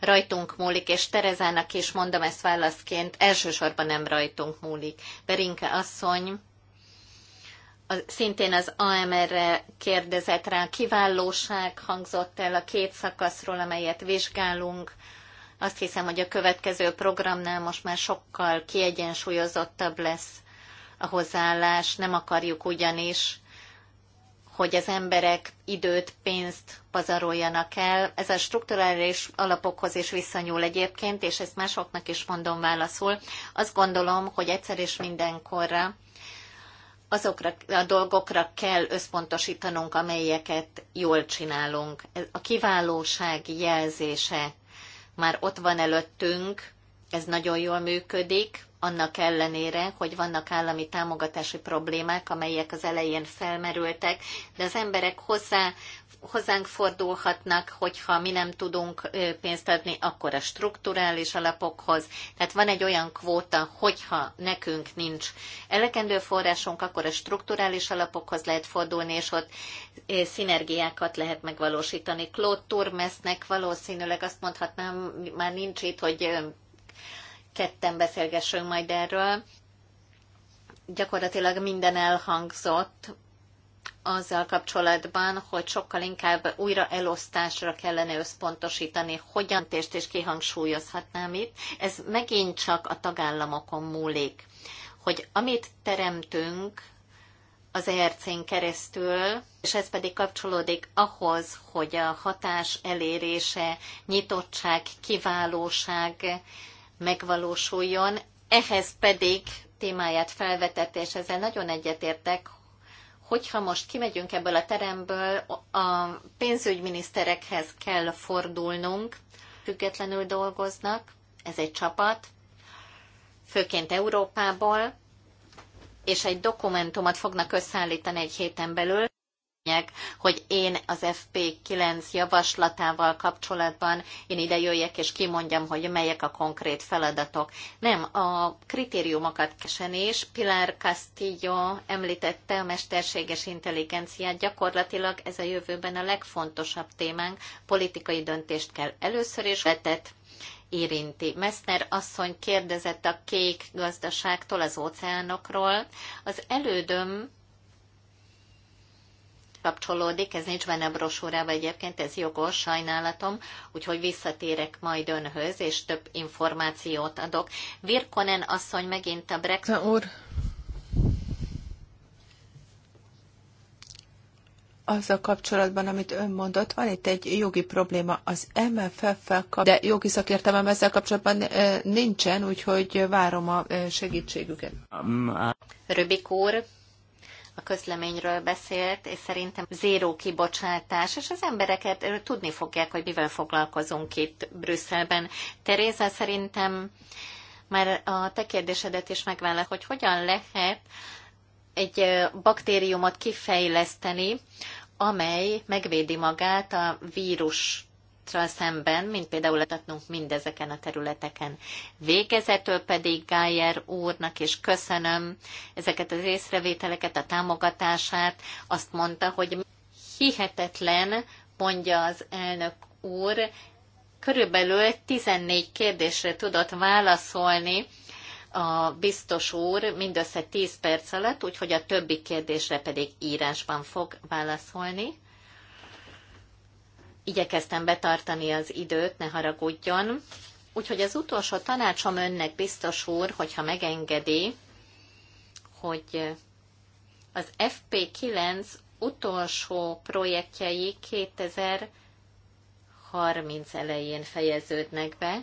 rajtunk múlik, és Terezának is mondom ezt válaszként, elsősorban nem rajtunk múlik. Berinke asszony a, szintén az AMR-re kérdezett rá, kiválóság hangzott el a két szakaszról, amelyet vizsgálunk. Azt hiszem, hogy a következő programnál most már sokkal kiegyensúlyozottabb lesz a hozzáállás. Nem akarjuk ugyanis hogy az emberek időt, pénzt pazaroljanak el. Ez a strukturális alapokhoz is visszanyúl egyébként, és ezt másoknak is mondom válaszul. Azt gondolom, hogy egyszer és mindenkorra azokra a dolgokra kell összpontosítanunk, amelyeket jól csinálunk. A kiválóság jelzése már ott van előttünk, ez nagyon jól működik, annak ellenére, hogy vannak állami támogatási problémák, amelyek az elején felmerültek, de az emberek hozzá, hozzánk fordulhatnak, hogyha mi nem tudunk pénzt adni, akkor a strukturális alapokhoz. Tehát van egy olyan kvóta, hogyha nekünk nincs elekendő forrásunk, akkor a strukturális alapokhoz lehet fordulni, és ott szinergiákat lehet megvalósítani. Claude Turmesnek valószínűleg azt mondhatnám, már nincs itt, hogy ketten beszélgessünk majd erről. Gyakorlatilag minden elhangzott azzal kapcsolatban, hogy sokkal inkább újra elosztásra kellene összpontosítani, hogyan tést és kihangsúlyozhatnám itt. Ez megint csak a tagállamokon múlik, hogy amit teremtünk, az ERC-n keresztül, és ez pedig kapcsolódik ahhoz, hogy a hatás elérése, nyitottság, kiválóság megvalósuljon. Ehhez pedig témáját felvetett, és ezzel nagyon egyetértek, hogyha most kimegyünk ebből a teremből, a pénzügyminiszterekhez kell fordulnunk, függetlenül dolgoznak, ez egy csapat, főként Európából, és egy dokumentumot fognak összeállítani egy héten belül, meg, hogy én az FP9 javaslatával kapcsolatban én ide jöjjek és kimondjam, hogy melyek a konkrét feladatok. Nem, a kritériumokat kesen is. Pilar Castillo említette a mesterséges intelligenciát. Gyakorlatilag ez a jövőben a legfontosabb témánk. Politikai döntést kell először is vetett érinti. Messner asszony kérdezett a kék gazdaságtól, az óceánokról. Az elődöm kapcsolódik, ez nincs benne a brosúrában egyébként, ez jogos, sajnálatom, úgyhogy visszatérek majd önhöz, és több információt adok. Virkonen asszony megint a Brexit... Úr, azzal kapcsolatban, amit ön mondott, van itt egy jogi probléma az MFF-fel kapcsolatban, de jogi szakértelmem ezzel kapcsolatban eh, nincsen, úgyhogy várom a eh, segítségüket. Um, Röbik úr, a közleményről beszélt, és szerintem zéró kibocsátás, és az embereket tudni fogják, hogy mivel foglalkozunk itt Brüsszelben. Teréza, szerintem már a te kérdésedet is megválasz, hogy hogyan lehet egy baktériumot kifejleszteni, amely megvédi magát a vírus szemben, mint például adatnunk mindezeken a területeken. Végezetől pedig Gájer úrnak is köszönöm ezeket az észrevételeket, a támogatását. Azt mondta, hogy hihetetlen, mondja az elnök úr, körülbelül 14 kérdésre tudott válaszolni, a biztos úr mindössze 10 perc alatt, úgyhogy a többi kérdésre pedig írásban fog válaszolni. Igyekeztem betartani az időt, ne haragudjon. Úgyhogy az utolsó tanácsom önnek biztos úr, hogyha megengedi, hogy az FP9 utolsó projektjei 2030 elején fejeződnek be,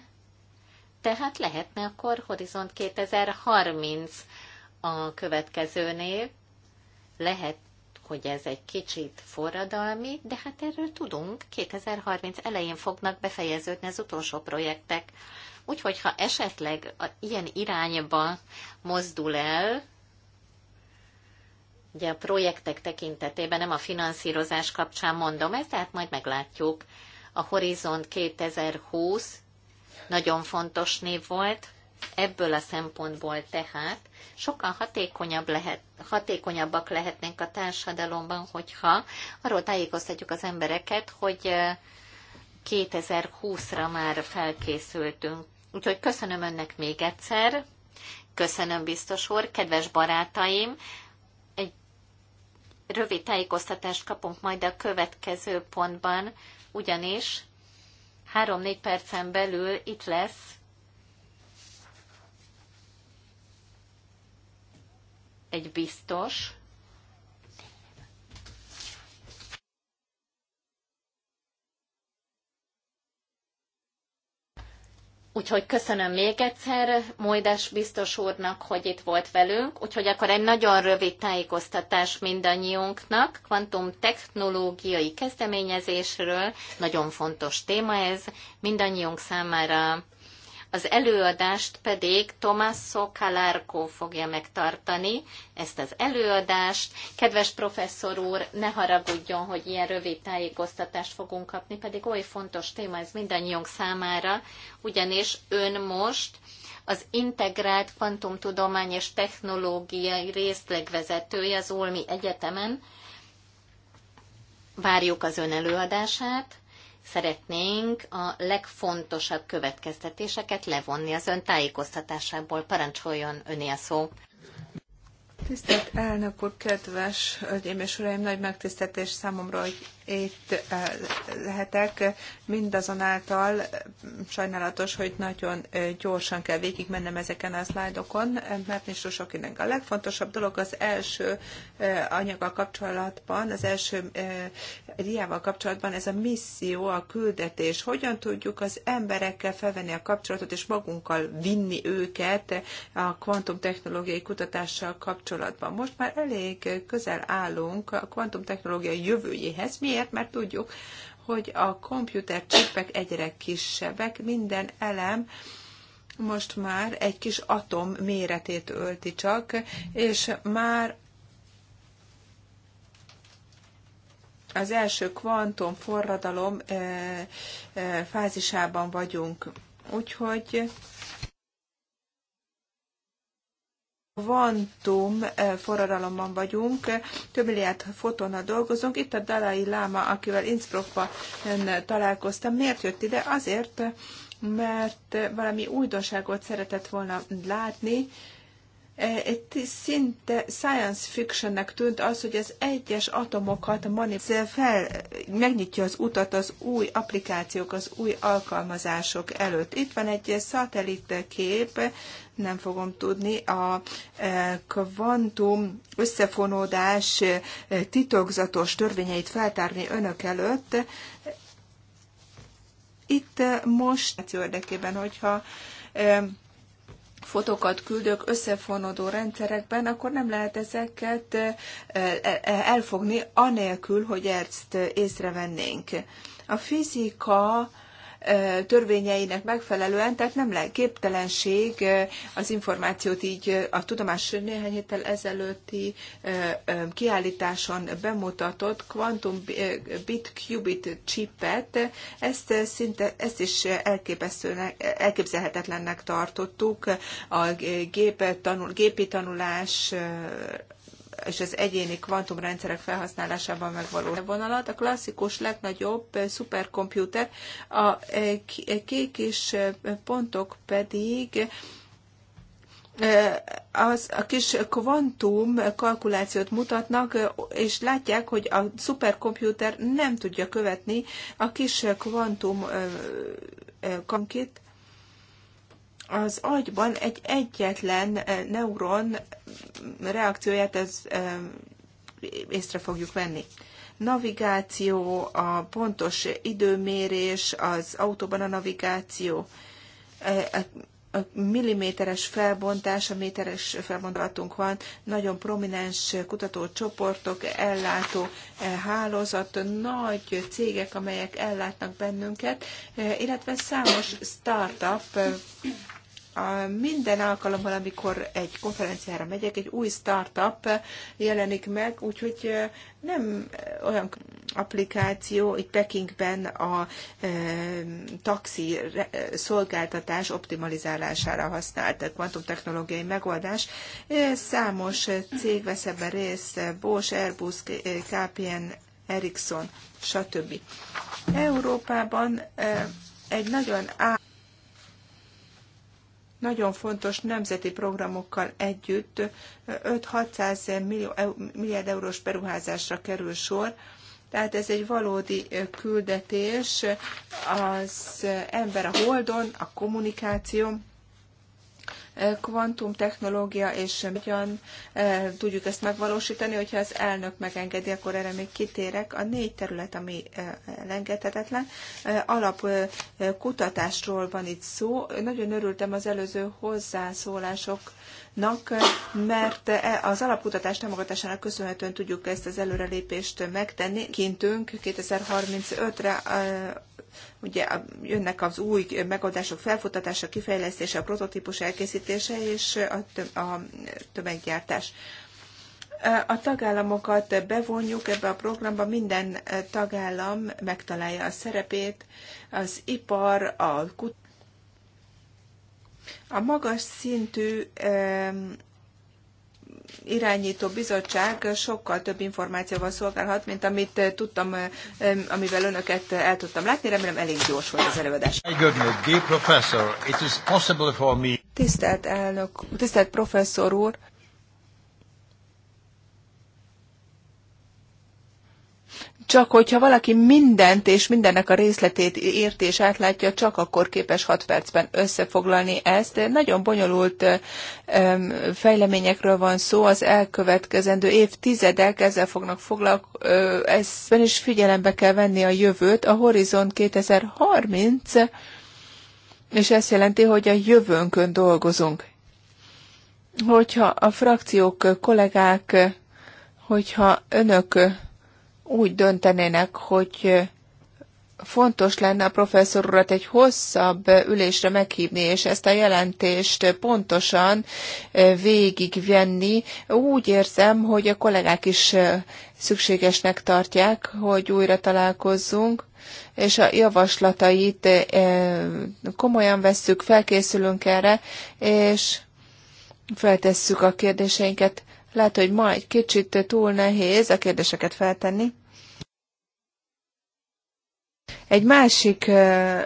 tehát lehetne akkor Horizont 2030 a következőnél, lehet hogy ez egy kicsit forradalmi, de hát erről tudunk, 2030 elején fognak befejeződni az utolsó projektek. Úgyhogy ha esetleg a, ilyen irányba mozdul el, ugye a projektek tekintetében, nem a finanszírozás kapcsán mondom ezt, tehát majd meglátjuk. A Horizont 2020 nagyon fontos név volt, Ebből a szempontból tehát sokkal hatékonyabb lehet, hatékonyabbak lehetnénk a társadalomban, hogyha arról tájékoztatjuk az embereket, hogy 2020-ra már felkészültünk. Úgyhogy köszönöm önnek még egyszer, köszönöm biztos úr, kedves barátaim, egy rövid tájékoztatást kapunk majd a következő pontban, ugyanis három-négy percen belül itt lesz egy biztos, Úgyhogy köszönöm még egyszer Mojdás biztos úrnak, hogy itt volt velünk. Úgyhogy akkor egy nagyon rövid tájékoztatás mindannyiunknak kvantum technológiai kezdeményezésről. Nagyon fontos téma ez mindannyiunk számára. Az előadást pedig Tommaso Calarco fogja megtartani, ezt az előadást. Kedves professzor úr, ne haragudjon, hogy ilyen rövid tájékoztatást fogunk kapni, pedig oly fontos téma ez mindannyiunk számára, ugyanis ön most az integrált kvantumtudomány és technológiai részlegvezetője az Olmi Egyetemen. Várjuk az ön előadását szeretnénk a legfontosabb következtetéseket levonni az ön tájékoztatásából. Parancsoljon öné a szó. Tisztelt elnök úr, kedves hölgyeim és uraim, nagy megtiszteltés számomra, hogy itt eh, lehetek. Mindazonáltal sajnálatos, hogy nagyon eh, gyorsan kell végigmennem ezeken a szlájdokon, mert nincs túl sok A legfontosabb dolog az első eh, anyaggal kapcsolatban, az első riával kapcsolatban ez a misszió, a küldetés. Hogyan tudjuk az emberekkel felvenni a kapcsolatot és magunkkal vinni őket a kvantumtechnológiai kutatással kapcsolatban. Most már elég közel állunk a kvantumtechnológia jövőjéhez. Mi Miért? Mert tudjuk, hogy a komputer csipek egyre kisebbek, minden elem most már egy kis atom méretét ölti csak, és már az első kvantum forradalom eh, eh, fázisában vagyunk. Úgyhogy kvantum eh, forradalomban vagyunk, több milliárd fotonnal dolgozunk. Itt a Dalai Lama, akivel Innsbruckban eh, találkoztam. Miért jött ide? Azért, mert valami újdonságot szeretett volna látni, itt szinte science fictionnek tűnt az, hogy az egyes atomokat manipulál fel, megnyitja az utat az új applikációk, az új alkalmazások előtt. Itt van egy szatellit kép, nem fogom tudni, a e, kvantum összefonódás e, titokzatos törvényeit feltárni önök előtt. Itt most érdekében, hogyha e, fotókat küldök összefonódó rendszerekben, akkor nem lehet ezeket eh, eh, elfogni, anélkül, hogy ezt észrevennénk. A fizika törvényeinek megfelelően, tehát nem lehet képtelenség az információt így a tudomás néhány héttel ezelőtti kiállításon bemutatott kvantum bit qubit chipet, ezt szinte, ezt is elképzelhetetlennek tartottuk a gép tanul, gépi tanulás és az egyéni kvantumrendszerek felhasználásában megvaló vonalat. A klasszikus legnagyobb szuperkomputer, a e, e, kék és e, pontok pedig az a kis kvantum kalkulációt mutatnak, és látják, hogy a szuperkomputer nem tudja követni a kis kvantum kankit, az agyban egy egyetlen eh, neuron reakcióját ez eh, észre fogjuk venni. Navigáció, a pontos időmérés, az autóban a navigáció, eh, a milliméteres felbontás, a méteres felbontatunk van, nagyon prominens kutatócsoportok, ellátó hálózat, nagy cégek, amelyek ellátnak bennünket, illetve számos startup minden alkalommal, amikor egy konferenciára megyek, egy új startup jelenik meg, úgyhogy nem olyan applikáció, itt Pekingben a e, taxi szolgáltatás optimalizálására használt a technológiai megoldás. Számos cég vesz ebben részt, Bosch, Airbus, KPN, Ericsson, stb. Európában egy nagyon á nagyon fontos nemzeti programokkal együtt 5-600 milliárd eurós beruházásra kerül sor, tehát ez egy valódi küldetés, az ember a holdon, a kommunikáció, kvantumtechnológia, és hogyan eh, tudjuk ezt megvalósítani, hogyha az elnök megengedi, akkor erre még kitérek. A négy terület, ami eh, elengedhetetlen, eh, alap kutatásról van itt szó. Nagyon örültem az előző hozzászólások Nak, mert e az alapkutatás támogatásának köszönhetően tudjuk ezt az előrelépést megtenni. Kintünk 2035-re e, ugye jönnek az új megoldások felfutatása, kifejlesztése, a prototípus elkészítése és a, a tömeggyártás. E, a tagállamokat bevonjuk ebbe a programba, minden tagállam megtalálja a szerepét, az ipar, a kutatás, a magas szintű irányító bizottság sokkal több információval szolgálhat, mint amit eh, tudtam, eh, amivel önöket eh, el tudtam látni. Remélem elég gyors volt az előadás. Tisztelt elnök, tisztelt professzor úr, Csak hogyha valaki mindent és mindennek a részletét ért és átlátja, csak akkor képes 6 percben összefoglalni ezt. Nagyon bonyolult fejleményekről van szó, az elkövetkezendő évtizedek ezzel fognak foglalkozni, ezben is figyelembe kell venni a jövőt, a Horizon 2030, és ez jelenti, hogy a jövőnkön dolgozunk. Hogyha a frakciók, kollégák, hogyha önök úgy döntenének, hogy fontos lenne a professzor urat egy hosszabb ülésre meghívni, és ezt a jelentést pontosan végigvenni. Úgy érzem, hogy a kollégák is szükségesnek tartják, hogy újra találkozzunk, és a javaslatait komolyan vesszük, felkészülünk erre, és feltesszük a kérdéseinket. Lehet, hogy ma egy kicsit túl nehéz a kérdéseket feltenni. Egy másik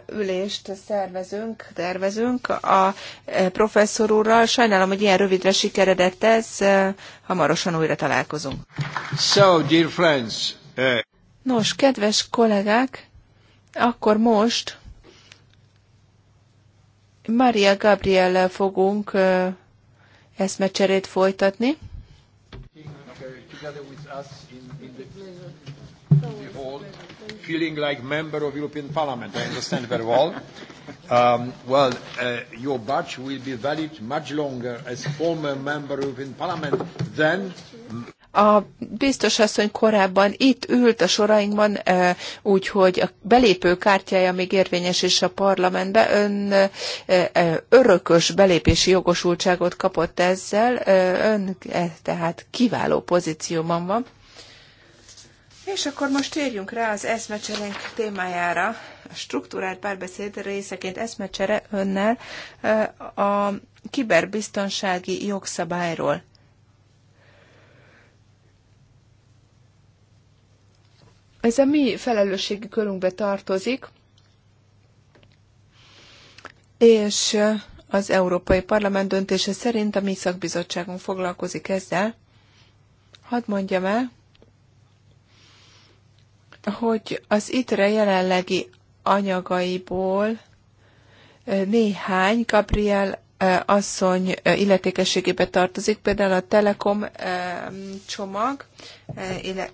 ülést szervezünk, tervezünk a professzor úrral. Sajnálom, hogy ilyen rövidre sikeredett ez. Hamarosan újra találkozunk. So, dear friends, uh... Nos, kedves kollégák, akkor most Maria Gabriel fogunk eszmecserét folytatni together with us in, in, the, in the hall, feeling like member of European Parliament. I understand very well. Um, well, uh, your badge will be valid much longer as former member of European Parliament than a biztos asszony korábban itt ült a sorainkban, e, úgyhogy a belépő kártyája még érvényes is a parlamentbe. Ön e, e, örökös belépési jogosultságot kapott ezzel, ön tehát kiváló pozícióban van. És akkor most térjünk rá az eszmecserénk témájára. A struktúrált párbeszéd részeként eszmecsere önnel a kiberbiztonsági jogszabályról. Ez a mi felelősségi körünkbe tartozik, és az Európai Parlament döntése szerint a mi szakbizottságunk foglalkozik ezzel. Hadd mondjam el, hogy az ITRE jelenlegi anyagaiból néhány Gabriel asszony illetékességébe tartozik, például a Telekom csomag,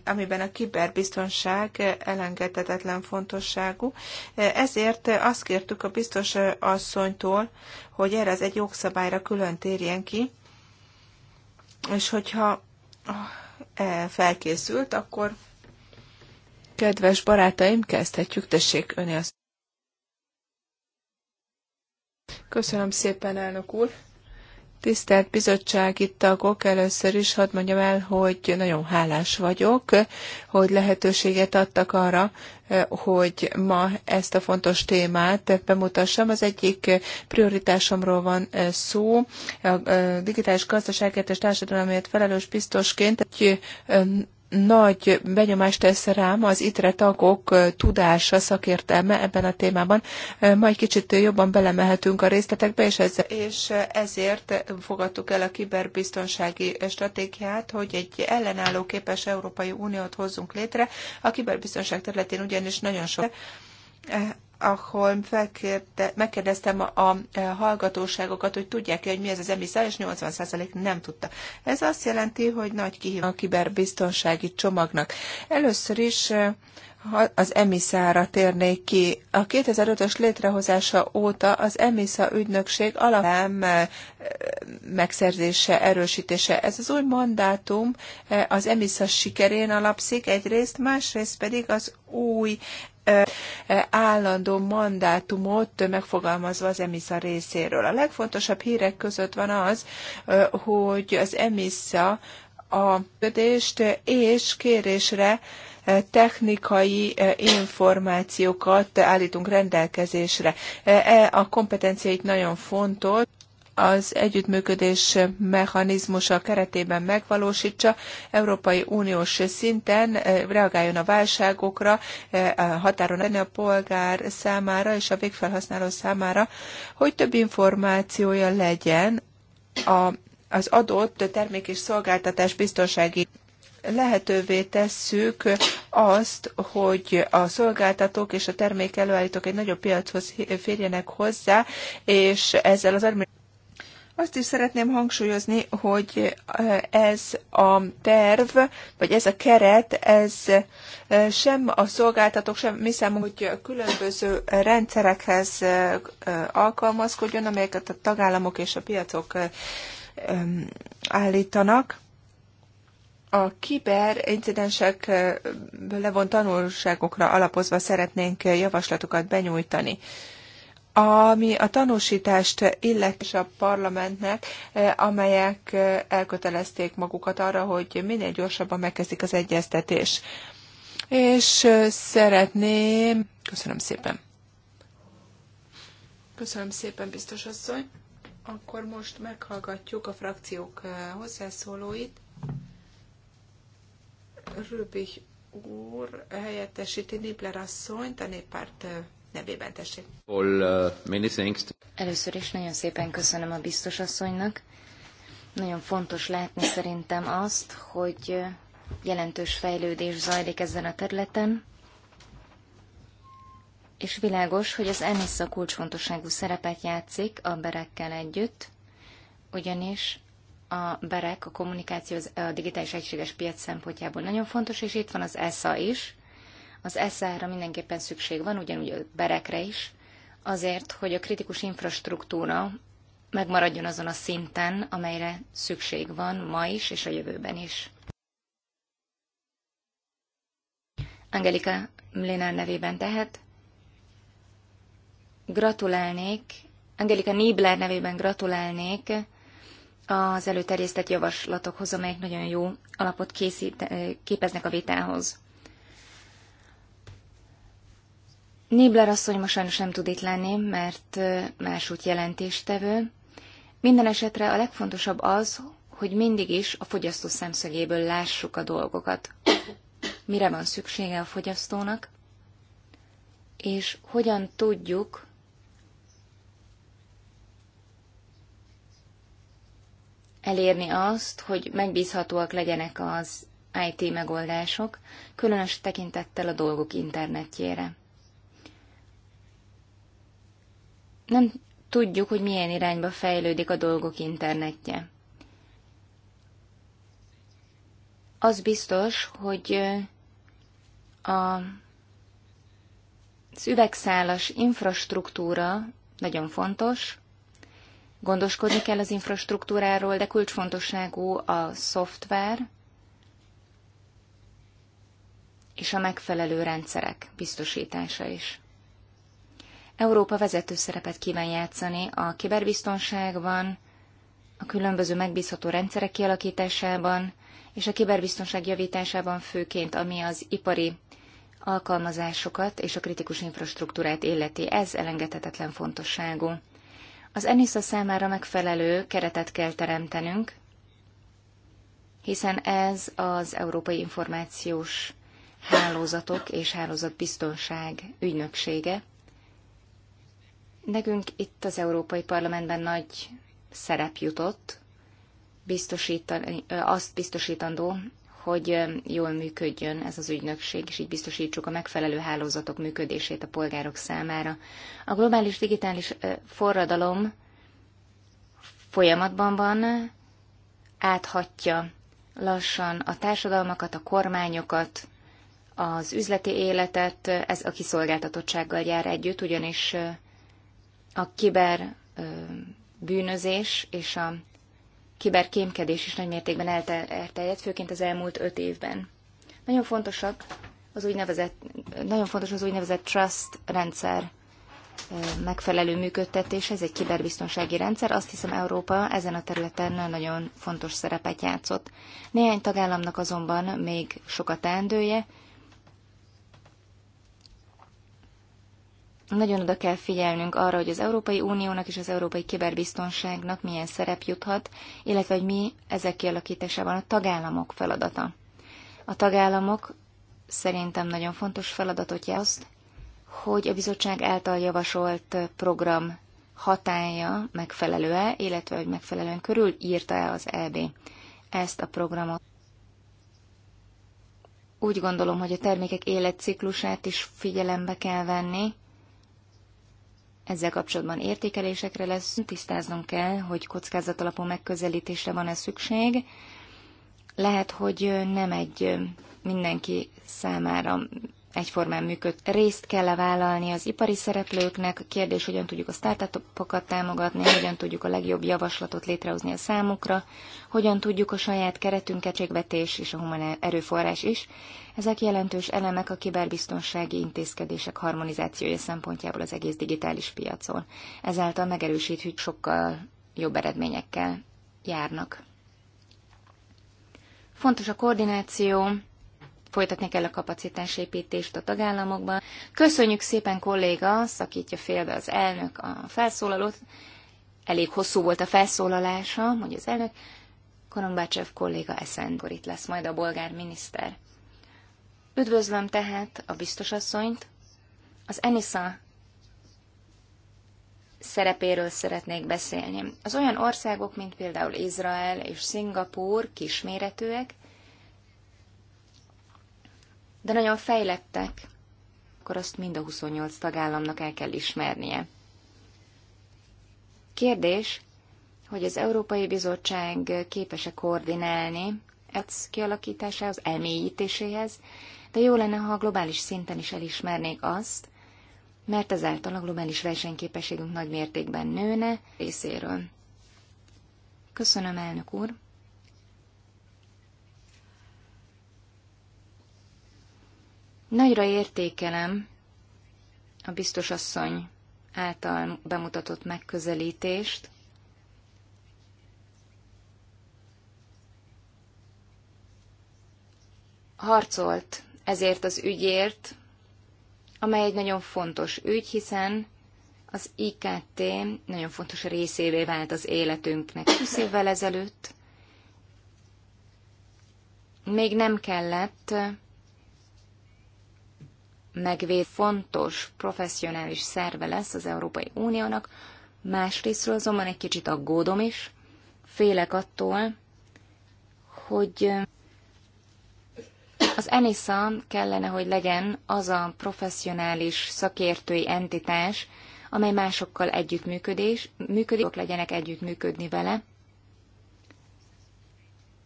amiben a kiberbiztonság elengedhetetlen fontosságú. Ezért azt kértük a biztos asszonytól, hogy erre az egy jogszabályra külön térjen ki, és hogyha felkészült, akkor kedves barátaim, kezdhetjük, tessék öni azt. Köszönöm szépen, elnök úr. Tisztelt bizottsági tagok, először is hadd mondjam el, hogy nagyon hálás vagyok, hogy lehetőséget adtak arra, hogy ma ezt a fontos témát bemutassam. Az egyik prioritásomról van szó, a digitális gazdaságért és társadalomért felelős biztosként egy nagy benyomást tesz rám az ITRE tagok tudása, szakértelme ebben a témában. Majd kicsit jobban belemehetünk a részletekbe, és, ez, és ezért fogadtuk el a kiberbiztonsági stratégiát, hogy egy ellenálló képes Európai Uniót hozzunk létre. A kiberbiztonság területén ugyanis nagyon sok ahol felkérte, megkérdeztem a, e, hallgatóságokat, hogy tudják-e, hogy mi ez az emisszál, és 80% nem tudta. Ez azt jelenti, hogy nagy kihívás a kiberbiztonsági csomagnak. Először is e, az emiszára térnék ki. A 2005-ös létrehozása óta az EMISZA ügynökség alapján e, megszerzése, erősítése. Ez az új mandátum az EMISZA sikerén alapszik egyrészt, másrészt pedig az új állandó mandátumot megfogalmazva az EMISZA részéről. A legfontosabb hírek között van az, hogy az EMISZA a ködést és kérésre technikai információkat állítunk rendelkezésre. E a kompetenciáit nagyon fontos, az együttműködés mechanizmusa keretében megvalósítsa, Európai Uniós szinten eh, reagáljon a válságokra, eh, a határon lenni a polgár számára és a végfelhasználó számára, hogy több információja legyen a, az adott termék és szolgáltatás biztonsági lehetővé tesszük azt, hogy a szolgáltatók és a termék előállítók egy nagyobb piachoz férjenek hozzá, és ezzel az azt is szeretném hangsúlyozni, hogy ez a terv, vagy ez a keret, ez sem a szolgáltatók, sem mi számunk, hogy különböző rendszerekhez alkalmazkodjon, amelyeket a tagállamok és a piacok állítanak. A incidensek levont tanulságokra alapozva szeretnénk javaslatokat benyújtani ami a tanúsítást illeti a parlamentnek, eh, amelyek eh, elkötelezték magukat arra, hogy minél gyorsabban megkezdik az egyeztetés. És eh, szeretném... Köszönöm szépen. Köszönöm szépen, biztos asszony. Akkor most meghallgatjuk a frakciók hozzászólóit. Rübich úr helyettesíti Nibler asszonyt a néppárt nevében tessék. Uh, Először is nagyon szépen köszönöm a biztos asszonynak. Nagyon fontos látni szerintem azt, hogy uh, jelentős fejlődés zajlik ezen a területen, és világos, hogy az a kulcsfontosságú szerepet játszik a berekkel együtt, ugyanis a BEREK, a kommunikáció, a digitális egységes piac szempontjából nagyon fontos, és itt van az ESA is, az SZ-ra mindenképpen szükség van, ugyanúgy a berekre is, azért, hogy a kritikus infrastruktúra megmaradjon azon a szinten, amelyre szükség van ma is és a jövőben is. Angelika Mlinár nevében tehet. Gratulálnék, Angelika Niebler nevében gratulálnék az előterjesztett javaslatokhoz, amelyek nagyon jó alapot készít, képeznek a vitához. Nébler asszony most sajnos nem tud itt lenni, mert másút jelentéstevő. Minden esetre a legfontosabb az, hogy mindig is a fogyasztó szemszögéből lássuk a dolgokat. Mire van szüksége a fogyasztónak, és hogyan tudjuk elérni azt, hogy megbízhatóak legyenek az IT megoldások, különös tekintettel a dolgok internetjére. nem tudjuk, hogy milyen irányba fejlődik a dolgok internetje. Az biztos, hogy a, szüvegszálas infrastruktúra nagyon fontos, gondoskodni kell az infrastruktúráról, de kulcsfontosságú a szoftver és a megfelelő rendszerek biztosítása is. Európa vezető szerepet kíván játszani a kiberbiztonságban, a különböző megbízható rendszerek kialakításában és a kiberbiztonság javításában főként, ami az ipari alkalmazásokat és a kritikus infrastruktúrát illeti. Ez elengedhetetlen fontosságú. Az ENISZA számára megfelelő keretet kell teremtenünk, hiszen ez az Európai Információs Hálózatok és Hálózatbiztonság ügynöksége, Nekünk itt az Európai Parlamentben nagy szerep jutott, biztosítani, azt biztosítandó, hogy jól működjön ez az ügynökség, és így biztosítsuk a megfelelő hálózatok működését a polgárok számára. A globális digitális forradalom folyamatban van, áthatja lassan a társadalmakat, a kormányokat, az üzleti életet, ez a kiszolgáltatottsággal jár együtt, ugyanis a kiber bűnözés és a kiberkémkedés is nagy mértékben elterjedt, főként az elmúlt öt évben. Nagyon fontosak az úgynevezett, nagyon fontos az úgynevezett trust rendszer megfelelő működtetés, ez egy kiberbiztonsági rendszer, azt hiszem Európa ezen a területen nagyon fontos szerepet játszott. Néhány tagállamnak azonban még sokat teendője, Nagyon oda kell figyelnünk arra, hogy az Európai Uniónak és az európai kiberbiztonságnak milyen szerep juthat, illetve hogy mi ezek kialakításában a tagállamok feladata. A tagállamok szerintem nagyon fontos feladatot jelzt, hogy a bizottság által javasolt program hatája megfelelő-e, illetve hogy megfelelően írta e az EB ezt a programot. Úgy gondolom, hogy a termékek életciklusát is figyelembe kell venni, ezzel kapcsolatban értékelésekre lesz, tisztáznunk kell, hogy kockázatalapú megközelítésre van-e szükség. Lehet, hogy nem egy mindenki számára egyformán működ. Részt kell -e vállalni az ipari szereplőknek, kérdés, hogyan tudjuk a startupokat támogatni, hogyan tudjuk a legjobb javaslatot létrehozni a számukra, hogyan tudjuk a saját keretünk, kecségvetés és a human erőforrás is. Ezek jelentős elemek a kiberbiztonsági intézkedések harmonizációja szempontjából az egész digitális piacon. Ezáltal megerősíthetjük sokkal jobb eredményekkel járnak. Fontos a koordináció, folytatni kell a kapacitásépítést a tagállamokban. Köszönjük szépen, kolléga, szakítja félbe az elnök a felszólalót. Elég hosszú volt a felszólalása, mondja az elnök. Korombácsev kolléga Eszendor itt lesz majd a bolgár miniszter. Üdvözlöm tehát a biztosasszonyt. Az Enisa szerepéről szeretnék beszélni. Az olyan országok, mint például Izrael és Szingapúr kisméretűek, de nagyon fejlettek, akkor azt mind a 28 tagállamnak el kell ismernie. Kérdés, hogy az Európai Bizottság képes-e koordinálni ETS kialakításához, elmélyítéséhez, de jó lenne, ha a globális szinten is elismernék azt, mert ezáltal a globális versenyképességünk nagy mértékben nőne részéről. Köszönöm, elnök úr! Nagyra értékelem a biztos asszony által bemutatott megközelítést, harcolt ezért az ügyért, amely egy nagyon fontos ügy, hiszen az IKT nagyon fontos részévé vált az életünknek 20 évvel ezelőtt. Még nem kellett megvéd fontos, professzionális szerve lesz az Európai Uniónak, másrésztről azonban egy kicsit aggódom is, félek attól, hogy az ENISA kellene, hogy legyen az a professzionális szakértői entitás, amely másokkal együttműködés, működik, legyenek együttműködni vele.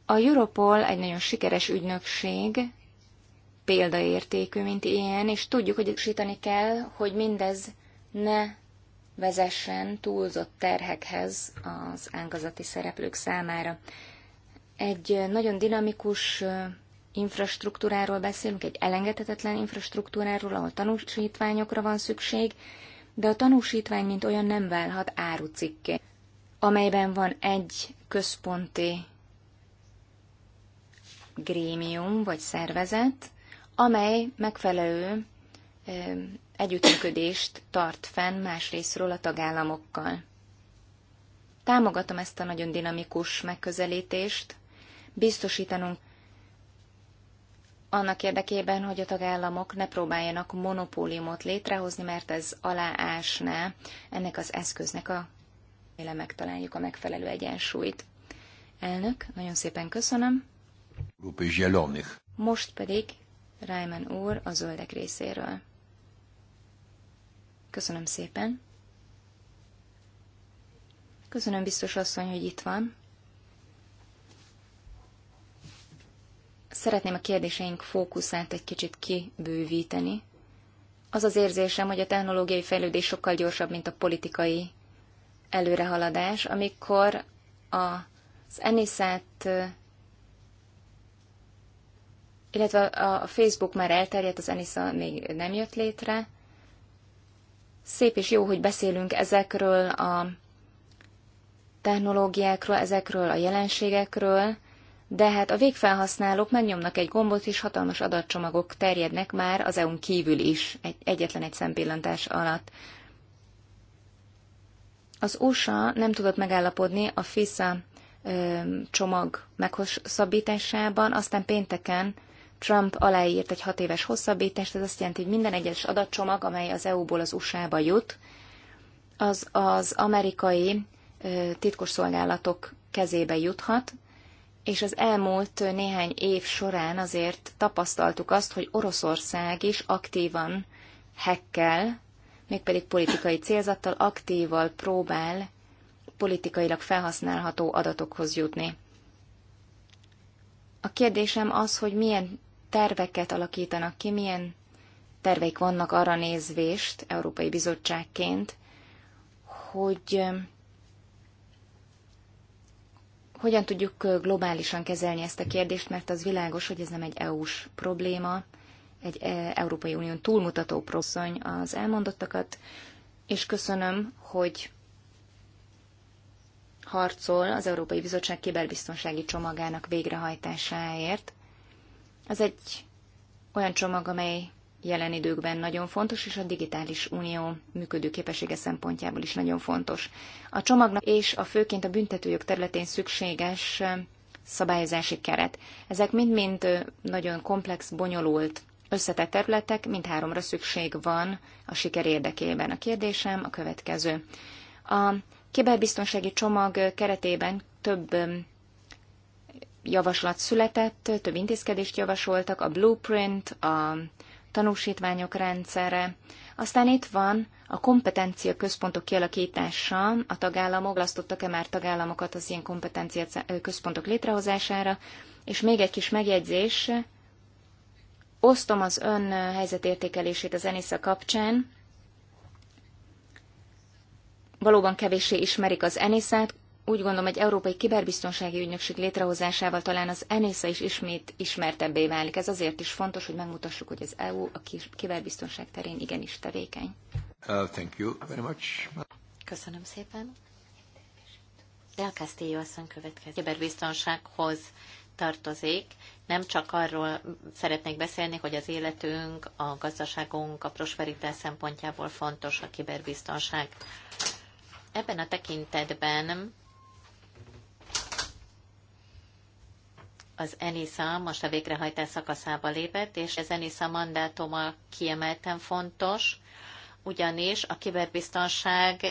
A Europol egy nagyon sikeres ügynökség, példaértékű, mint ilyen, és tudjuk, hogy sítani kell, hogy mindez ne vezessen túlzott terhekhez az ágazati szereplők számára. Egy nagyon dinamikus infrastruktúráról beszélünk, egy elengedhetetlen infrastruktúráról, ahol tanúsítványokra van szükség, de a tanúsítvány mint olyan nem válhat árucikké, amelyben van egy központi grémium vagy szervezet, amely megfelelő együttműködést tart fenn másrésztről a tagállamokkal. Támogatom ezt a nagyon dinamikus megközelítést, biztosítanunk annak érdekében, hogy a tagállamok ne próbáljanak monopóliumot létrehozni, mert ez aláásná ennek az eszköznek a Remélem megtaláljuk a megfelelő egyensúlyt. Elnök, nagyon szépen köszönöm. Most pedig Ryman úr a zöldek részéről. Köszönöm szépen. Köszönöm biztos asszony, hogy itt van. Szeretném a kérdéseink fókuszát egy kicsit kibővíteni. Az az érzésem, hogy a technológiai fejlődés sokkal gyorsabb, mint a politikai előrehaladás, amikor a az Enisát illetve a Facebook már elterjedt, az Enisa még nem jött létre. Szép és jó, hogy beszélünk ezekről a technológiákról, ezekről a jelenségekről, de hát a végfelhasználók megnyomnak egy gombot, és hatalmas adatcsomagok terjednek már az EU-n kívül is, egy, egyetlen egy szempillantás alatt. Az USA nem tudott megállapodni a FISA ö, csomag meghosszabbításában, aztán pénteken Trump aláírt egy hat éves hosszabbítást, ez azt jelenti, hogy minden egyes adatcsomag, amely az EU-ból az USA-ba jut, az az amerikai titkos szolgálatok kezébe juthat, és az elmúlt néhány év során azért tapasztaltuk azt, hogy Oroszország is aktívan hekkel, mégpedig politikai célzattal aktíval próbál politikailag felhasználható adatokhoz jutni. A kérdésem az, hogy milyen terveket alakítanak ki, milyen terveik vannak arra nézvést Európai Bizottságként, hogy um, hogyan tudjuk uh, globálisan kezelni ezt a kérdést, mert az világos, hogy ez nem egy EU-s probléma, egy uh, Európai Unión túlmutató proszony az elmondottakat, és köszönöm, hogy harcol az Európai Bizottság kiberbiztonsági csomagának végrehajtásáért. Ez egy olyan csomag, amely jelen időkben nagyon fontos, és a digitális unió működő képessége szempontjából is nagyon fontos. A csomagnak és a főként a büntetőjog területén szükséges szabályozási keret. Ezek mind-mind nagyon komplex, bonyolult, összetett területek, mindháromra szükség van a siker érdekében. A kérdésem a következő. A kiberbiztonsági csomag keretében több javaslat született, több intézkedést javasoltak, a blueprint, a tanúsítványok rendszere. Aztán itt van a kompetencia központok kialakítása, a tagállamok lasztottak-e már tagállamokat az ilyen kompetencia központok létrehozására, és még egy kis megjegyzés, osztom az ön helyzetértékelését az Enisza kapcsán, valóban kevéssé ismerik az Eniszát, úgy gondolom, egy európai kiberbiztonsági ügynökség létrehozásával talán az ENISA is ismét ismertebbé válik. Ez azért is fontos, hogy megmutassuk, hogy az EU a kiberbiztonság terén igenis tevékeny. Uh, thank you very much. Köszönöm szépen. Del Castillo asszony következik. Kiberbiztonsághoz tartozik. Nem csak arról szeretnék beszélni, hogy az életünk, a gazdaságunk, a prosperitás szempontjából fontos a kiberbiztonság. Ebben a tekintetben az ENISA most a végrehajtás szakaszába lépett, és az ENISA mandátuma kiemelten fontos, ugyanis a kiberbiztonság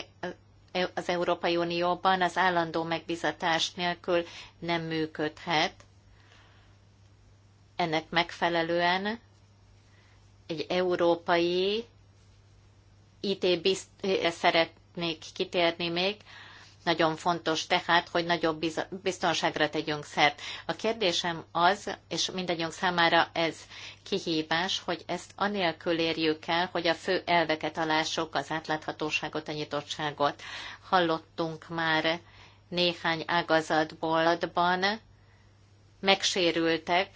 az Európai Unióban az állandó megbizatás nélkül nem működhet. Ennek megfelelően egy európai it biztonság szeretnék kitérni még, nagyon fontos tehát, hogy nagyobb biztonságra tegyünk szert. A kérdésem az, és mindannyiunk számára ez kihívás, hogy ezt anélkül érjük el, hogy a fő elveket alássuk, az átláthatóságot, a nyitottságot. Hallottunk már néhány ágazatból adban, megsérültek.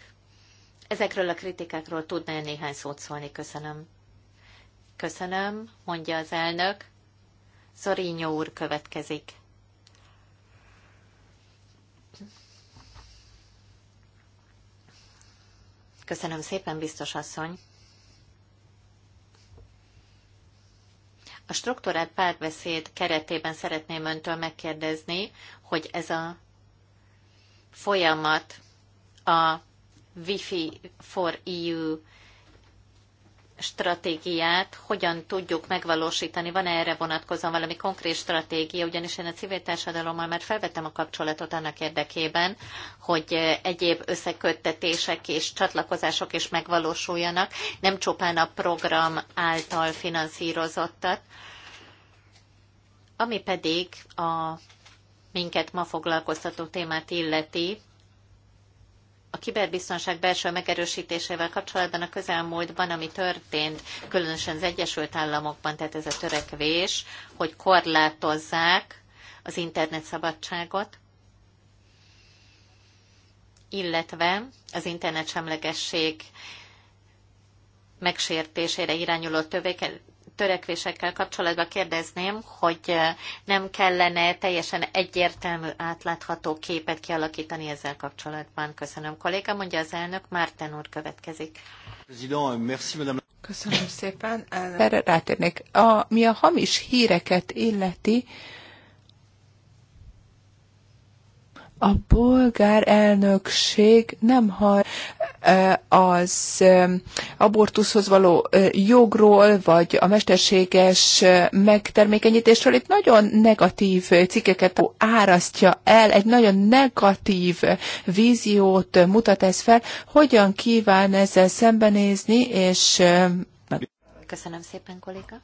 Ezekről a kritikákról tudnál néhány szót szólni? Köszönöm. Köszönöm, mondja az elnök. Zorinyó úr következik. Köszönöm szépen, biztos asszony. A struktúrált párbeszéd keretében szeretném öntől megkérdezni, hogy ez a folyamat a Wi-Fi for EU stratégiát hogyan tudjuk megvalósítani? Van-e erre vonatkozóan valami konkrét stratégia? Ugyanis én a civil társadalommal már felvettem a kapcsolatot annak érdekében, hogy egyéb összeköttetések és csatlakozások is megvalósuljanak, nem csupán a program által finanszírozottat. Ami pedig a minket ma foglalkoztató témát illeti, a kiberbiztonság belső megerősítésével kapcsolatban a közelmúltban, ami történt, különösen az Egyesült Államokban, tehát ez a törekvés, hogy korlátozzák az internet szabadságot, illetve az internet semlegesség megsértésére irányuló törekvésekkel kapcsolatban kérdezném, hogy eh, nem kellene teljesen egyértelmű, átlátható képet kialakítani ezzel kapcsolatban. Köszönöm, kolléga, mondja az elnök, Márten úr következik. Euh, Köszönöm szépen. Erre rátérnék. A, mi a hamis híreket illeti, a polgár elnökség nem hall az abortuszhoz való jogról, vagy a mesterséges megtermékenyítésről. Itt nagyon negatív cikkeket árasztja el, egy nagyon negatív víziót mutat ez fel. Hogyan kíván ezzel szembenézni, és... Köszönöm szépen, kolléga.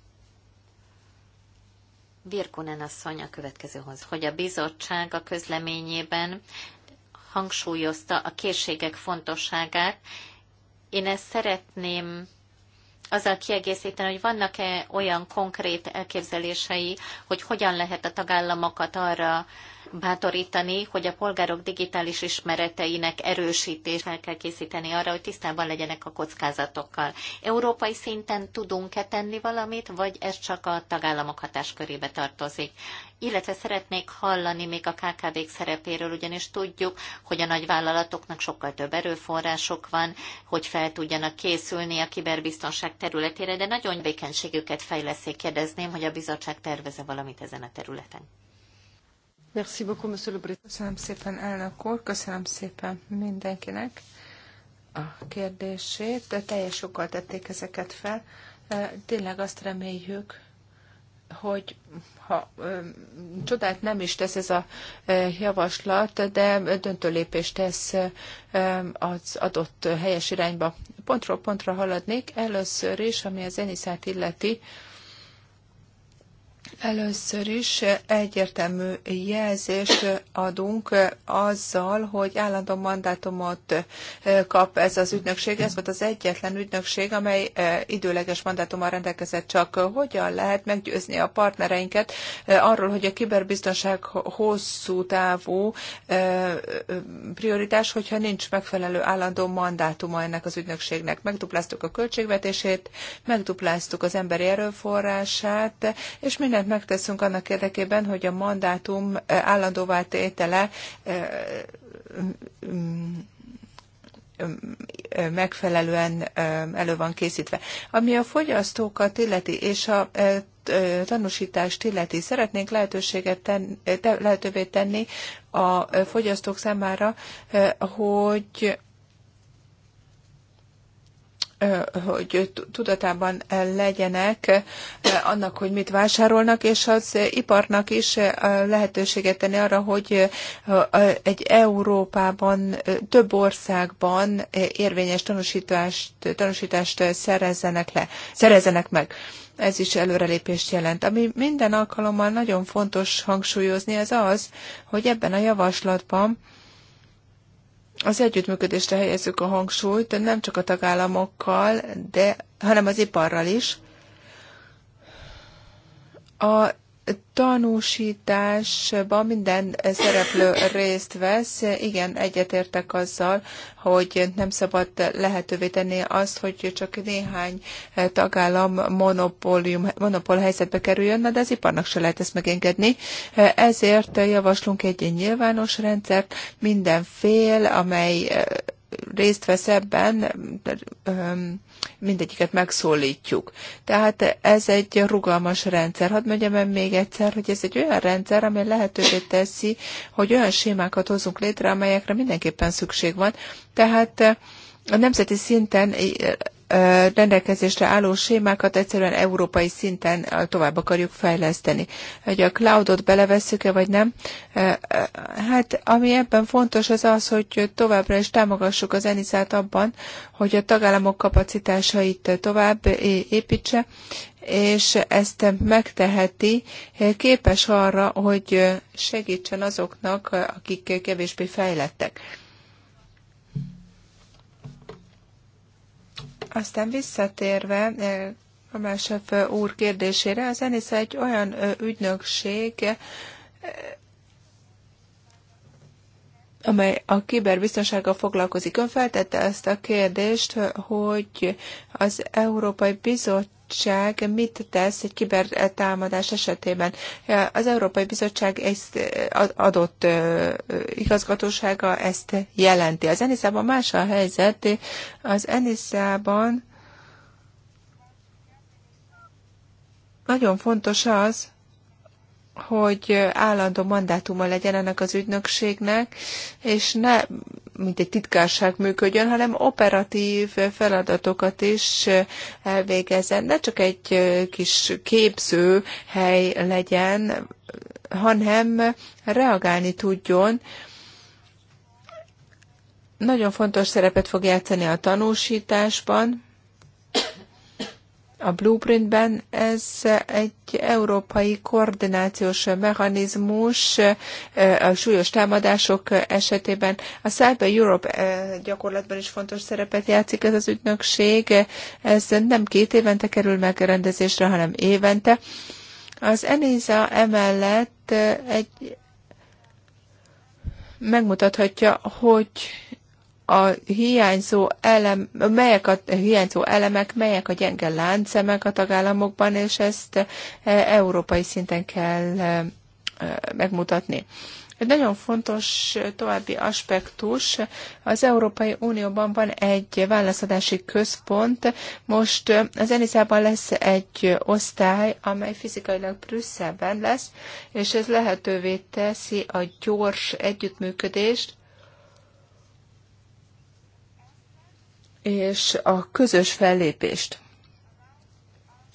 Birkunen asszony a következőhoz, hogy a bizottság a közleményében hangsúlyozta a készségek fontosságát. Én ezt szeretném azzal kiegészíteni, hogy vannak-e olyan konkrét elképzelései, hogy hogyan lehet a tagállamokat arra bátorítani, hogy a polgárok digitális ismereteinek erősítés fel kell készíteni arra, hogy tisztában legyenek a kockázatokkal. Európai szinten tudunk-e tenni valamit, vagy ez csak a tagállamok hatáskörébe tartozik? Illetve szeretnék hallani még a KKV-k szerepéről, ugyanis tudjuk, hogy a nagyvállalatoknak sokkal több erőforrások van, hogy fel tudjanak készülni a kiberbiztonság területére, de nagyon békenységüket fejleszék. Kérdezném, hogy a bizottság terveze valamit ezen a területen. Köszönöm szépen, elnök úr, köszönöm szépen mindenkinek a kérdését, de teljes sokkal tették ezeket fel. Tényleg azt reméljük, hogy ha csodát nem is tesz ez a javaslat, de döntő lépést tesz az adott helyes irányba. Pontról pontra haladnék. Először is, ami az Eniszát illeti, Először is egyértelmű jelzést adunk azzal, hogy állandó mandátumot kap ez az ügynökség. Ez volt az egyetlen ügynökség, amely e, időleges mandátummal rendelkezett, csak hogyan lehet meggyőzni a partnereinket e, arról, hogy a kiberbiztonság hosszú távú e, prioritás, hogyha nincs megfelelő állandó mandátuma ennek az ügynökségnek. Megdupláztuk a költségvetését, megdupláztuk az emberi erőforrását, és mind mindent megteszünk annak érdekében, hogy a mandátum eh, állandóvá tétele eh, mm, mm, mm, megfelelően eh, elő van készítve. Ami a fogyasztókat illeti, és a tanúsítást illeti, szeretnénk lehetőséget ten, te, lehetővé tenni a fogyasztók számára, hogy hogy tudatában legyenek annak, hogy mit vásárolnak, és az iparnak is lehetőséget tenni arra, hogy egy Európában, több országban érvényes tanúsítást, tanúsítást szerezzenek, le, szerezzenek meg. Ez is előrelépést jelent. Ami minden alkalommal nagyon fontos hangsúlyozni, ez az, hogy ebben a javaslatban az együttműködésre helyezzük a hangsúlyt, nem csak a tagállamokkal, de, hanem az iparral is. A tanúsításban minden szereplő részt vesz. Igen, egyetértek azzal, hogy nem szabad lehetővé tenni azt, hogy csak néhány tagállam monopólium, monopól helyzetbe kerüljön, de az iparnak se lehet ezt megengedni. Ezért javaslunk egy nyilvános rendszert, minden fél, amely részt vesz ebben, mindegyiket megszólítjuk. Tehát ez egy rugalmas rendszer. Hadd mondjam el még egyszer, hogy ez egy olyan rendszer, amely lehetővé teszi, hogy olyan sémákat hozunk létre, amelyekre mindenképpen szükség van. Tehát a nemzeti szinten rendelkezésre álló sémákat egyszerűen európai szinten tovább akarjuk fejleszteni. Hogy a cloudot belevesszük-e, vagy nem? Hát, ami ebben fontos, az az, hogy továbbra is támogassuk az Enisát abban, hogy a tagállamok kapacitásait tovább építse, és ezt megteheti, képes arra, hogy segítsen azoknak, akik kevésbé fejlettek. Aztán visszatérve a eh, Kamásev eh, úr kérdésére, az ENISZ egy olyan eh, ügynökség, amely a kiberbiztonsággal foglalkozik. Ön feltette ezt a kérdést, hogy az Európai Bizottság Bizottság mit tesz egy kibertámadás esetében? Az Európai Bizottság ezt eh, adott eh, igazgatósága ezt jelenti. Az Eniszában más a helyzet. Az Eniszában nagyon fontos az, hogy állandó mandátuma legyen ennek az ügynökségnek, és ne mint egy titkárság működjön, hanem operatív feladatokat is elvégezzen. Ne csak egy kis képző hely legyen, hanem reagálni tudjon. Nagyon fontos szerepet fog játszani a tanúsításban, a blueprintben ez egy európai koordinációs mechanizmus a súlyos támadások esetében. A Cyber Europe gyakorlatban is fontos szerepet játszik ez az ügynökség. Ez nem két évente kerül megrendezésre, hanem évente. Az ENISA emellett egy megmutathatja, hogy a hiányzó elem, melyek a hiányzó elemek, melyek a gyenge láncemek a tagállamokban, és ezt e, európai szinten kell e, e, megmutatni. Egy nagyon fontos további aspektus, az Európai Unióban van egy válaszadási központ, most az Enizában lesz egy osztály, amely fizikailag Brüsszelben lesz, és ez lehetővé teszi a gyors együttműködést és a közös fellépést.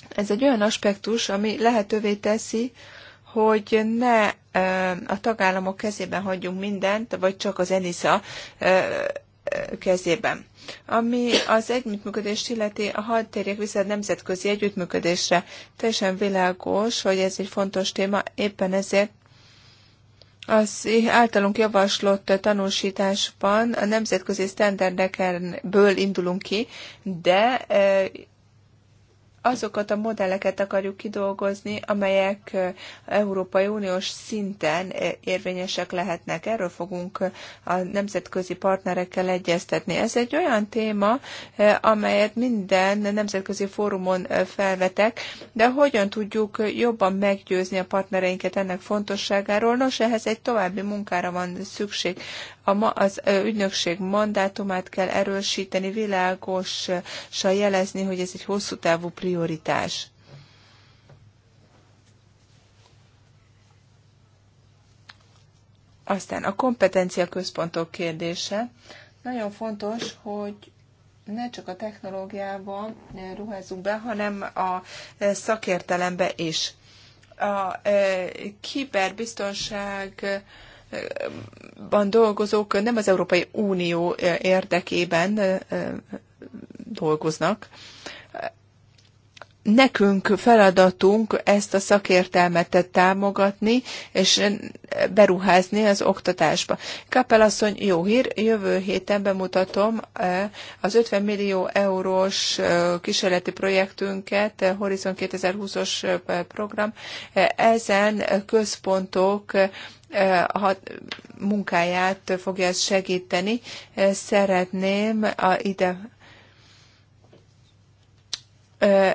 Ez egy olyan aspektus, ami lehetővé teszi, hogy ne a tagállamok kezében hagyjunk mindent, vagy csak az ENISA kezében. Ami az együttműködést illeti, a hadd térjek vissza a nemzetközi együttműködésre. Teljesen világos, hogy ez egy fontos téma, éppen ezért az általunk javaslott tanúsításban a nemzetközi sztenderdekből indulunk ki, de eh, azokat a modelleket akarjuk kidolgozni, amelyek Európai Uniós szinten érvényesek lehetnek. Erről fogunk a nemzetközi partnerekkel egyeztetni. Ez egy olyan téma, amelyet minden nemzetközi fórumon felvetek, de hogyan tudjuk jobban meggyőzni a partnereinket ennek fontosságáról? Nos, ehhez egy további munkára van szükség a ma, az ügynökség mandátumát kell erősíteni, világosan jelezni, hogy ez egy hosszú távú prioritás. Aztán a kompetencia központok kérdése. Nagyon fontos, hogy ne csak a technológiában ruházunk be, hanem a szakértelembe is. A kiberbiztonság ban dolgozók nem az Európai Unió érdekében dolgoznak nekünk feladatunk ezt a szakértelmet támogatni, és beruházni az oktatásba. Kapelasszony, jó hír, jövő héten bemutatom eh, az 50 millió eurós eh, kísérleti projektünket, eh, Horizon 2020-os program. Ezen központok munkáját fogja segíteni. Szeretném a ide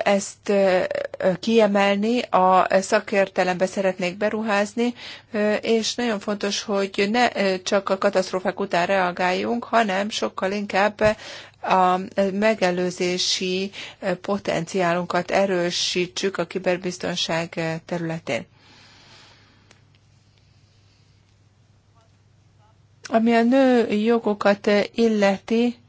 ezt kiemelni, a szakértelembe szeretnék beruházni, és nagyon fontos, hogy ne csak a katasztrófák után reagáljunk, hanem sokkal inkább a megelőzési potenciálunkat erősítsük a kiberbiztonság területén. Ami a nő jogokat illeti,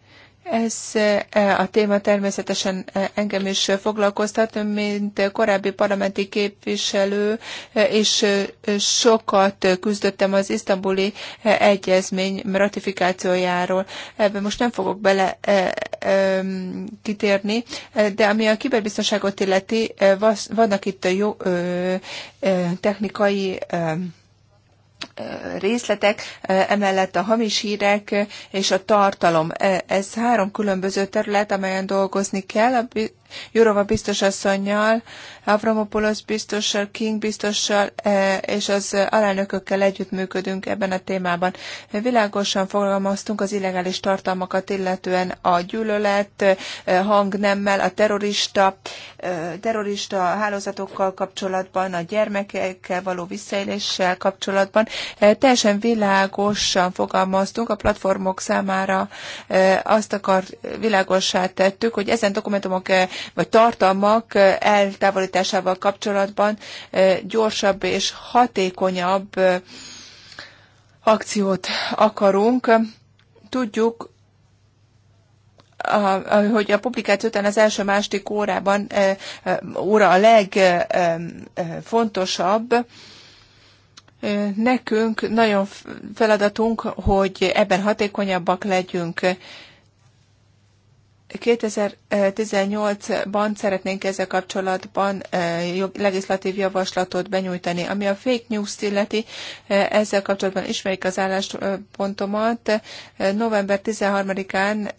ez e, a téma természetesen e, engem is foglalkoztat, mint korábbi parlamenti képviselő, e, és sokat küzdöttem az isztambuli egyezmény ratifikációjáról. Ebben most nem fogok bele kitérni, de ami a kiberbiztonságot illeti, vannak itt jó technikai részletek, emellett a hamis hírek és a tartalom. Ez három különböző terület, amelyen dolgozni kell. A Jurova biztosasszonynal, Avramopoulos biztossal, King biztossal és az alelnökökkel együttműködünk ebben a témában. Világosan fogalmaztunk az illegális tartalmakat, illetően a gyűlölet, hangnemmel, a terrorista, terrorista hálózatokkal kapcsolatban, a gyermekekkel való visszaéléssel kapcsolatban, Eh, teljesen világosan fogalmaztunk a platformok számára, eh, azt akar világossá tettük, hogy ezen dokumentumok eh, vagy tartalmak eltávolításával kapcsolatban gyorsabb és hatékonyabb akciót akarunk. Tudjuk, a, a, hogy a publikáció után az első-második órában e, e, óra a legfontosabb, e, Nekünk nagyon feladatunk, hogy ebben hatékonyabbak legyünk. 2018-ban szeretnénk ezzel kapcsolatban legislatív javaslatot benyújtani. Ami a fake news illeti, ezzel kapcsolatban ismerik az álláspontomat. November 13-án